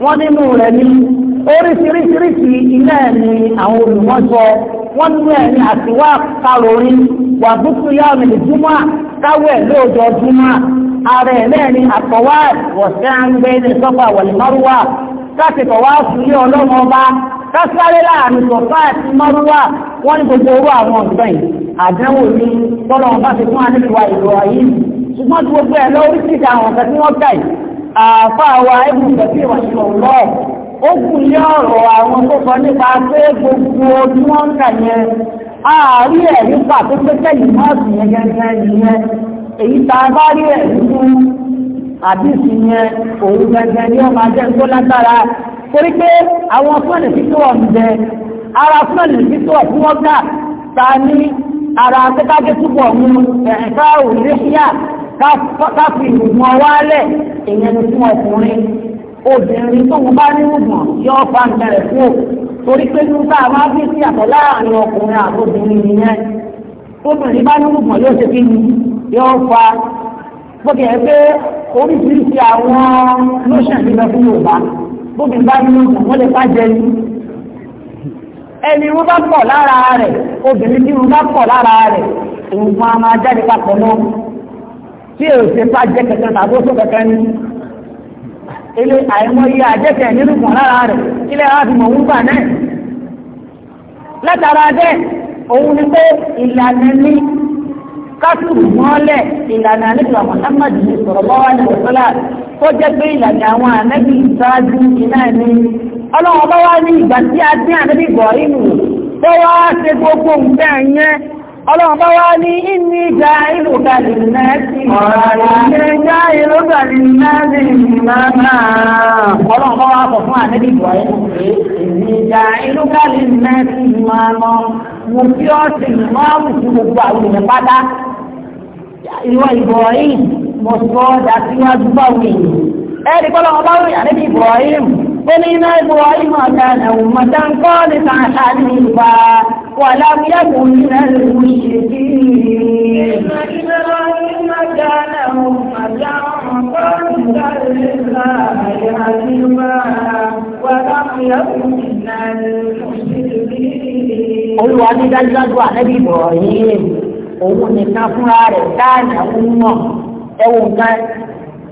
ومن مرمي oríṣiríṣiríṣi iná ẹni àwọn olùmọ́sọ wọ́n ní ẹni àtiwá kalorin wà búkúyà ọ̀nà ìjúmọ́ káwẹ̀ lóòjọ́ júmọ́ ààrẹ ẹlẹ́ni àkọwá wọ̀sẹ̀ àńgbẹ́ ní sọ́fà wọ̀lùmọ́rúwà káṣẹ̀kọ̀wá fúlé ọlọ́mọba kásáré láàrin sọ̀fá àti mọ́rúwà wọ́n ní gbogbo owó àwọn ọ̀gbẹ́yìn àdánwò ní tọ́lọ̀ wọn bá fi fún àníkìwà ìlú ayé ṣùgbọ́n tí gbogbo ẹ̀ lọ oríṣiríṣi àwọn ọ̀sẹ̀ tí wọ́n tàì àfa àwa ẹ̀bùn ìgbẹ̀sí ìwàṣọ lọ ó kù ní ọ̀rọ̀ àwọn tó sọ nípa pé gbogbo ojú wọn ń kà yẹn àárí ẹ̀ nípa tó pẹ́kẹ́ yìí náà sì yẹn gẹ́gẹ́ nìyẹn a bá rí ẹ̀ nínú àdìsí torí pé àwọn fúnàlì títọ́ ń bẹ ara fúnàlì títọ́ tí wọ́n gbà ta ní ara akẹ́kẹ́ túbọ̀ mú ẹ̀ka òrìṣíà káfí ìrùgbọ̀n wálẹ̀ èèyàn ni fún ọkùnrin obìnrin tó wọn bá ní ìrùgbọ̀n yóò fa nǹkan rẹ̀ fún torí pé nígbà máa bí sí àtọ̀ láàrin ọkùnrin àtòbìnrin nìyẹn bóbi bá ní oògùn wọ́n lè bá jẹ ní. ẹni irun bá pọ̀ lára rẹ̀ obìnrin tí irun bá pọ̀ lára rẹ̀ oògùn a máa jáde papọ̀ mọ́ tí èsì bá jẹ kẹ̀kẹ́ tàbí oṣù kẹ̀kẹ́ ní. ilé àìmọye àjẹkẹ̀ nínú pọ̀ lára rẹ̀ ilé àti mọ̀ wúgbà náà. látara bẹ́ẹ̀ òun ni pé ìlànà ní kásìrù mọ́lẹ̀ ìlànà àlejò Muhammad sallallahu alaihi wasallam kó jẹ́ pé ìlànà àwọn ànábì ìsáájú iná ni ọlọ́run bá wá ní ìgbà tí a dín ànábì bọ̀ inú tó wá ṣe gbogbo nǹkan yẹn ọlọ́run bá wá ní ìní ìjà ìlú gàlì nẹ́ẹ̀sì ọ̀rọ̀ ìjà ìlú gàlì nẹ́ẹ̀sì mọ́nà ọlọ́run bá wá bọ̀ fún ànábì bọ̀ inú pé ìní ìjà ìlú gàlì mo fi ọ́ sí ìmọ̀ àwùjọ gbogbo àwọn ènìyàn pátá ìwọ Ibrahim mo sọ dàtíwájú báwọn èèyàn ẹ̀rí kọ́lọ̀ ọba rí àdébí Ibrahim ó ní iná Ibrahim ọ̀kan ẹ̀wù mọ̀tán kọ́ ní sàǹsà ní ìgbà wà láwùyẹ̀kù ní ẹ̀rù ìṣèjì Olúwa ní dájúdájú àdébí Ibrahim òun nìkan fúnra rẹ̀ dáàyà ń mọ̀ ẹ̀wọ̀n kan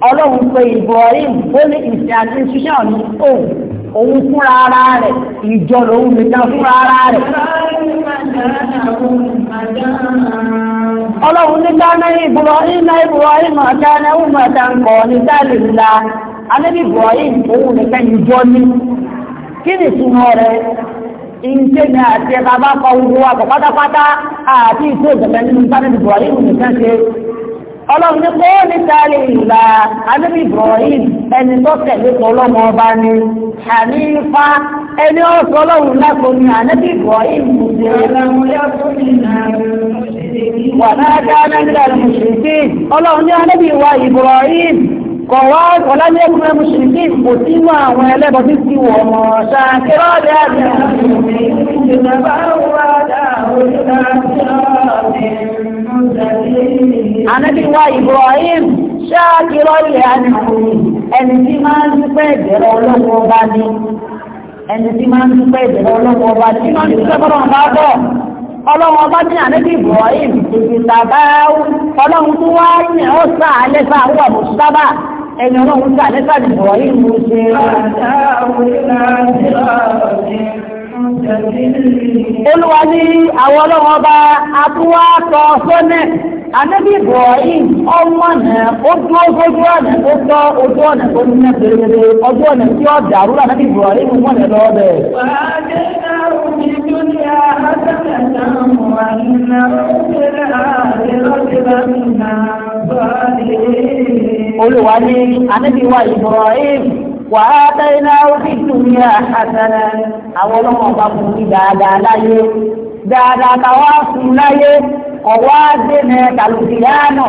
ọlọ́run pé Ibrahim ó ní ìsìn àti ìṣúṣẹ́ ọ̀ní òun òun fúnra ara rẹ̀ ìjọ lòun nìkan fúnra ara rẹ̀. ọlọ́run ní dáná Ibrahim náà Ibrahim àdáná òun àdá ń kọ́ ní dáàlì ńlá anábì Ibrahim òun nìkan ìjọ ní kí ni ìtumọ̀ rẹ̀ iṣẹ́ ni àti ẹ̀ka bá kọ gbogbo wa kọ̀ pátápátá àti ìṣe ìjọba nínú sáré Ibrahim nìkan ṣe. ọlọ́run ní kó ní sáré ìlà adébí Ibrahim ẹni tó tẹ̀lé sọ ọlọ́mọ ọba ni àní ifá ẹni ó sọ ọlọ́run lákòó ni ànábì Ibrahim kò ṣe. wà náà dáná nígbà tó ṣe sí ọlọ́run ní ànábì wa Ibrahim kọ̀wá ọ̀láyé ẹgbẹ́ mùsùlùmí kò sínú àwọn ẹlẹ́bọ̀ tí ti wọ̀ ọmọ ṣàkírọ́ ọ̀dẹ́ àti Ànábì wa Ibrahim ṣáàkírọ́ ilẹ̀ ànìkùnrin ẹni tí máa ń dúpẹ́ ìbẹ̀rẹ̀ ọlọ́wọ́ ọba ni ẹni tí máa ń dúpẹ́ ní ànábì Ibrahim ìgbìlàbáwò ọlọ́run tó wá ní ọ̀sán alẹ́ fún àwọn àmọ̀ṣútábà ẹni ọlọ́run gbà lẹ́sàdì ìwọ̀nyí mú ṣe rẹ̀ olúwa ní àwọn ọlọ́wọ́ bá abúwá sọ sọ́nẹ̀ anábì ibrahim ọmọ ọ̀nà ó dúró sójú ọ̀nà tó tọ́ ojú ọ̀nà tó ní náà pérépéré ojú ọ̀nà tí ó dàrú anábì ibrahim wọ́n lè lọ bẹ̀. olúwa ní wà á bẹ́ẹ̀ náà ó sì tún ní àṣàṣàrà àwọn ọlọ́mọ ọba fún mi dáadáa láyé dáadáa táwa fún láyé ọwọ́ adé ní kàlùkìyánù.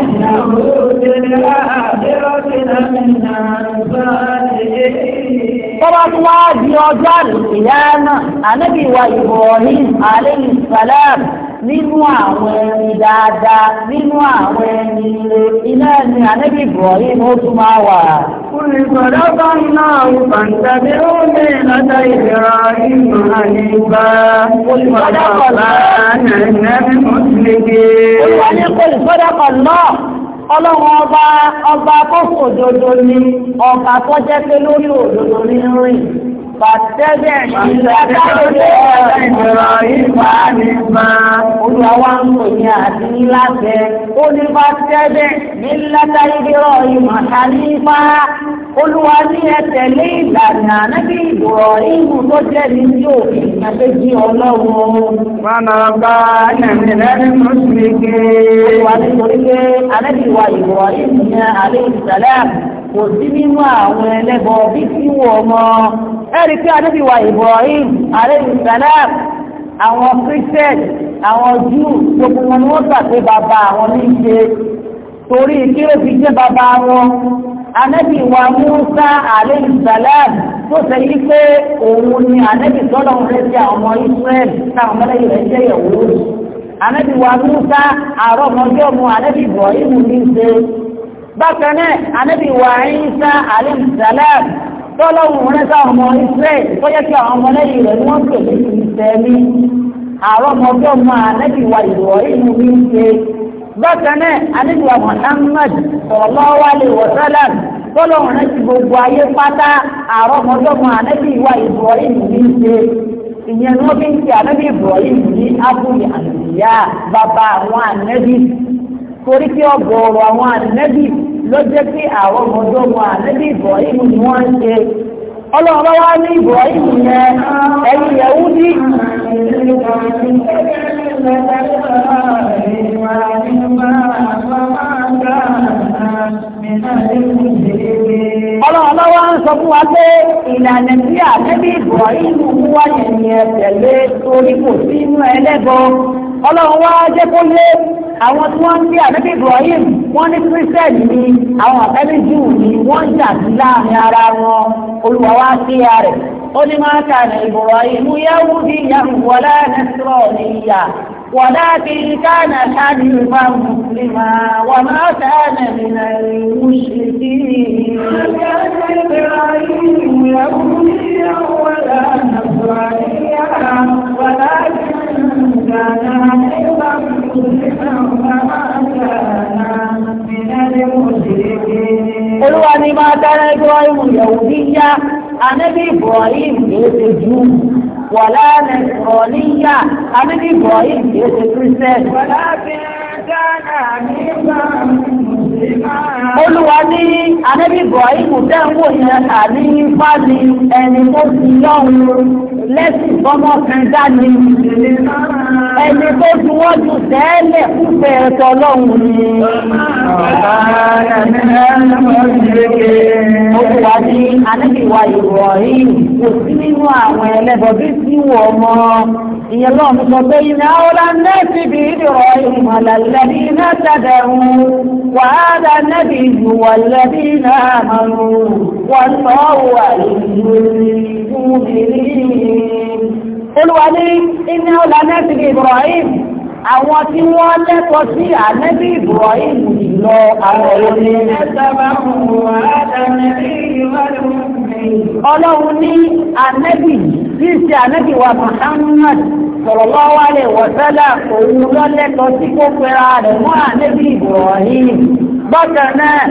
Tọ́bá tún wá di ọjọ́ àlùkìyánù, ànábì wa Ibrahim alayhi salam nínú àwọn ẹni dáadáa, nínú àwọn ẹni ire, iná ni ànábì Ibrahim ó tún máa wà. Olùgbọ̀dọ́gbà náà pàǹtàbí ó lè lọ́dọ̀ ìlera ìmọ̀ àyíká. Olùgbọ̀dọ́gbà náà nà ẹ̀nẹ́bí mọ́sílẹ̀ olúwa ní kò ní sọ́dọ̀kọ̀ náà ọlọ́run ọba ọba kókò òdodo ni ọba tó jẹ́ pé lórí òdodo ní rìn Bàtẹ́bẹ̀ ìgbàlódé ìgbàlódé ìgbàlódé Olúwa wa ń pè ní àdín lábẹ́. Ó ní bàtẹ́bẹ̀ ní látàrí ìrọ̀ ìmọ̀ àlífà olúwa ní ẹsẹ̀ lé ìlànà ànábì ìbùrọ̀ ìlú tó jẹ́ ní yóò fi àpéjì ọlọ́run. Mọ́nà bá ẹ̀mí lẹ́nu mọ́sùlùmí. Olúwa ní torí pé ànábì wa ìbùrọ̀ ìlú ní alẹ́ ìsàlẹ̀ kò sí nínú àwọn ẹlẹ́bọ bí kí wọ̀ ọmọ. Ẹ̀rí pé ànábì ìbùrọ̀ ìlú alẹ́ ìsàlẹ̀ àwọn kírísítẹ́ẹ̀dì àwọn júù gbogbo wọn ni wọ́n gbà pé bàbá àwọn ní ṣe torí kí ló fi jẹ́ bàbá wọn anabi wa musa alayhi salam tó ṣe yí pé òun ni anabi tọ́lọ̀ ń rẹ́ sí àwọn israẹli táwọn mẹ́lẹ́yìn rẹ̀ jẹ́ ìyàwó anabi wa musa àárọ̀ ọmọdé ọmọ anabi ibrahim ní í ṣe bákan náà anabi wa isa alayhi salam tọ́lọ̀ ń rẹ́ sí ọmọ israẹli tó yẹ kí àwọn mẹ́lẹ́yìn rẹ̀ wọ́n pè ní ìṣẹ́lí àárọ̀ ọmọdé ọmọ anabi wa ibrahim ní ṣe bákan náà anígbà Muhammad sallallahu alaihi wasallam tọ́lọ́run náà ti gbogbo ayé pátá àrọ́mọdọ́mọ ànábì ìwà Ibrahim ní ṣe ìyẹn ni wọ́n fi ń ṣe ànábì Ibrahim ní abúlé àlùyá bàbá àwọn ànábì torí pé ọgọ́rọ̀ àwọn ànábì ló jẹ́ pé àrọ́mọdọ́mọ ànábì Ibrahim ni wọ́n ń ṣe ọlọ́run bá wá ní Ibrahim yẹn ẹ̀yìn Yẹhudi Thank you sọ fún wa pé ìlànà tí àtẹ́bí ìbọ̀ inú wá yẹn ni ẹ tẹ̀lé torí kò sí inú ẹlẹ́bọ ọlọ́run wá jẹ́ kó lé àwọn tí wọ́n ń bí àtẹ́bí Ibrahim wọ́n ní kírísítẹ́nì ni àwọn àtẹ́bí jù ni wọ́n ń jà sí láàrin ara wọn olùwà wá sí rẹ̀ ó ní máa kà ní Ibrahim yahudi yahudi wọlé nasirọ níyà. ولكن كان حنيفا مسلما وما كان من المشركين ولا نصرانيا ولكن قل كان ابراهيم يهوديا anabi ibrahim kìí ṣe jù wàlá nàìjíríà anabi ibrahim kìí ṣe christian. Olúwa ní Adébí Ibrahim dẹ́wò yẹn àní ipá ni ẹni tó ti lọ́run lẹ́sìn bọ́mọ́ kan dání. Ẹni tó ju wọ́n ju tẹ́lẹ̀ fúnfẹ́ ẹ̀tọ́ lọ́run ni. Ọ̀gá ẹ̀mí ẹ̀rọ ìrèké wá ní anábìwá Ibrahim kò sí nínú àwọn ẹlẹ́bọ̀ bí sí wọ̀ ọmọ ìyẹn lọ́wọ́ mi sọ pé iná ọ̀la nẹ́ẹ̀sì bí ìdìrọ̀ ìmọ̀lẹ́lẹ́bí iná tẹ̀dẹ̀rùn wàhálà nẹ́bí ìlú wọ̀lẹ́bí iná àmàlù wọ́n lọ́wọ́ àìlú ìlú ìlú olùwà ní iná ọ̀la nẹ́ẹ̀sì bí Ibrahim. àwọn tí wọ́n lẹ́kọ̀ọ́ sí ànẹ́bí Ibrahim lọ àwọn òní. ọlọ́run ní ànẹ́bí yìí wa Muhammad sallallahu alaihi wa sallam òun lọ́lẹ́kọ̀ọ́ sí kó pera rẹ̀ mọ́ Ibrahim bákan náà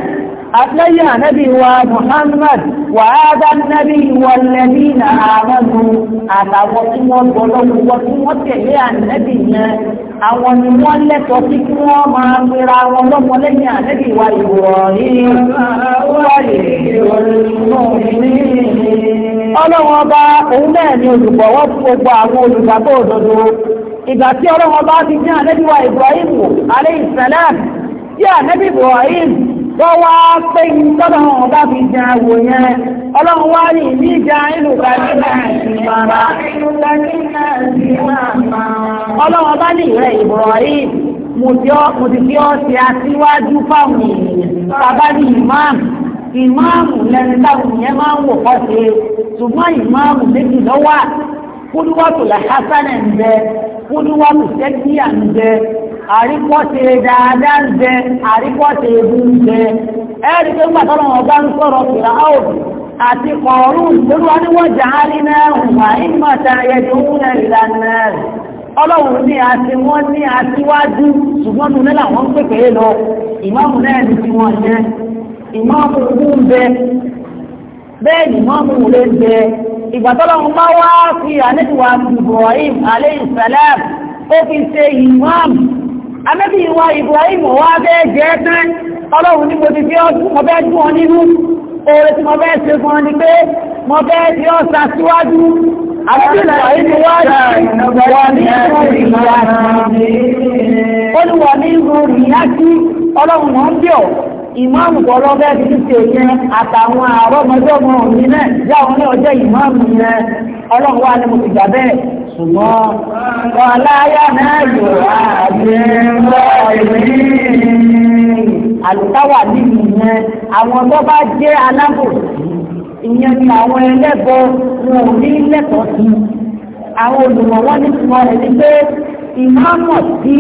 أتي نبي ومحمد وهذا النبي والذين آمنوا أتوقعوا وقلوا وقلوا النبي àwọn ni wọ́n lẹ́tọ̀ọ́ sí kí wọ́n máa pera wọn lọ́mọ lẹ́yìn ànẹ́bì wa Ibrahim ọlọ́wọ́n bá òun náà ni olùgbọ̀wọ́ fún gbogbo àwọn olùgbàgbọ́ òdodo ìgbà tí ọlọ́wọ́n bá ti jẹ́ ànẹ́bì wa Ibrahim alayhi salam tí ànẹ́bì Ibrahim wọ́n wá pé ìtọ́nà ọba fi jẹ àwò yẹn ọlọ́run ní ìjà ìlú kàdínà ìmọ̀ra ọlọ́run ọba ní ìrẹ̀ ìbọ̀rí mo ti fi ọ́ ṣe aṣíwájú kúdúwàtò làhásánà ń bẹ kúdúwàtò sẹ́kíyà ń bẹ àríkọ́sẹ̀ dáadáa ń bẹ àríkọ́sẹ̀ ebu ń bẹ ẹ̀rí pé ńgbà tọ́lọ́ wọn bá ń sọ̀rọ̀ fìlà áwòdì àti kọ̀ọ̀rún ìgbérúwa ni wọ́n jà á rí náà hùwà ìmọ̀ta ẹ̀yẹ̀dì òun náà ìlànà rẹ̀ ọlọ́run ní àti wọ́n ní àtiwájú ṣùgbọ́n nínú làwọn ń pèpè lọ ìmáàmù náà ní tiwọn yẹn ìmáàmù ń bẹ bẹ́ẹ̀ ni wọ́n mú un lé jẹ ìgbà tọ́lọ́run bá wá fi àlejò wa Ibrahim aleyhi salam ó fi ṣe imam amẹ́bí ìwà Ibrahim wá bẹ́ẹ̀ jẹ́ tán ọlọ́run ní mo ti fi mo bẹ́ẹ̀ dún ọ nínú oore tí mo bẹ́ẹ̀ ṣe fún ọ ni pé mo bẹ́ẹ̀ fi ọ sa síwájú àbẹ́bí Ibrahim wá wà ní ní wà ní sí ọlọ́run náà ń bí ọ̀ ìmáàmù bọ̀lọ́ bẹ́ẹ̀ ti ṣe yẹn àtàwọn àrọ́mọdé ọmọ mi náà yá ní ọjọ́ ìmáàmù yẹn ọlọ́run wà ní mo ti gbà bẹ́ẹ̀ ṣùgbọ́n ọláyà náà yóò wá àti ńlọ nínú yẹn àwọn tó bá jẹ́ ìyẹn ni àwọn wọn ò ní sí àwọn ìmáàmù tí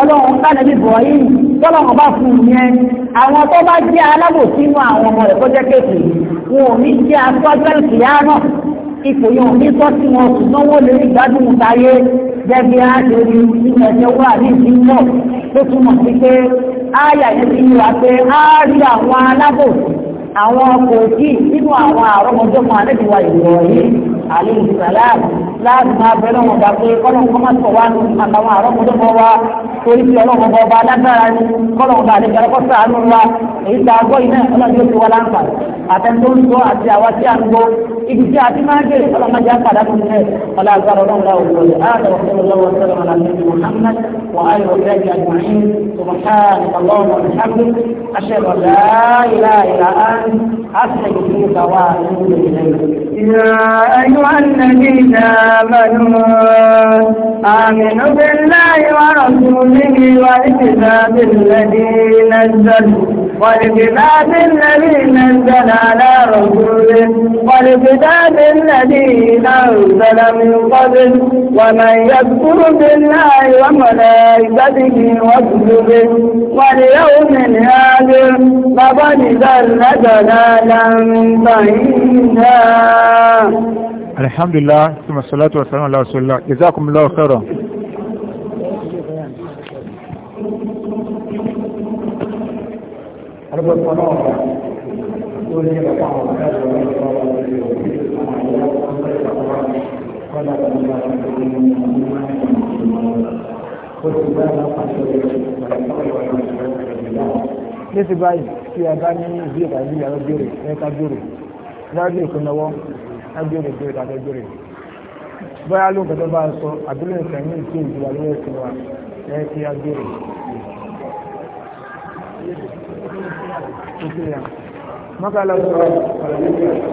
ọlọ́run bá nàbí Ibrahim tọ́lọ́run bá fún un yẹn àwọn tó bá jẹ́ alábòsínú àwọn ọmọ rẹ̀ kó jẹ́ kéèké wọn ò ní jẹ́ asọ́jọ́ ìkìyà náà ipò yẹn ò ní tọ́ sí wọn ṣùgbọ́n wọ́n lè rí gbádùn táyé gẹ́gẹ́ àdéhùn nínú ẹ̀jẹ̀ wà ní ìdíwọ̀ tó túmọ̀ sí pé ááyà yẹn ti yíra pé á rí àwọn alábòsí àwọn kòkí nínú àwọn àrọ́mọjọ́ kan alẹ́dùnwá ìrọ̀lẹ́ àlẹ́sàlám láti máa bẹ̀rẹ̀ wọn bá pé kọ́lọ́n kọ́ máa tọ̀ wá ní àtàwọn àrọ́mọjọ́ kan wá torí pé ọlọ́run bá ọba alágbára ni kọ́lọ́n bá àlẹ́ kẹrẹ́ kọ́ sàánú wa èyí tá a gbọ́ iná ọlọ́dún yóò fi wá láǹfà àtẹnudó ń sọ àti àwa tí a ń gbọ́ ibi tí a ti máa ń bèrè máa jẹ́ àpàdánù fún ọlọ́wọ́ sọ́dọ̀ aláàbí muhammad wà á yọ أستغفرك وأتوب إليك يا أيها الذين آمنوا آمنوا بالله ورسوله والكتاب الذي نزل ولكتاب الذي نزل على رسوله ولكتاب الذي نزل من قبل ومن يكفر بالله وملائكته وكتبه واليوم الآخر فقد ضل ضلالا بعيدا الحمد لله ثم الصلاة والسلام على رسول الله جزاكم الله خيرا ẹgbẹ́ kan náà wà tó ní ẹ̀ka àwọn ọ̀gá ìjọba ní ọ̀gá wọn lè lò sí àwọn ìyá ọ̀gá ìjọba kọ́lá ìjọba ní ọ̀gá ìjọba ní ọ̀gá ó ti gbá náà pàṣẹ ní ti báyìí tí a bá ní ìdí ìtàgé ìyàrá béèrè ẹ̀ka béèrè lábẹ́ ìkúnnáwọ́ lábẹ́ ìrètò ìtàgé béèrè bóyá ló ń kẹtọ́ bá sọ àbílẹ̀ nǹkan ní ìṣe ìjìyà lórí ẹ̀sìn wa ẹ̀ kí a béèrè mọ́kànlá sọ̀rọ̀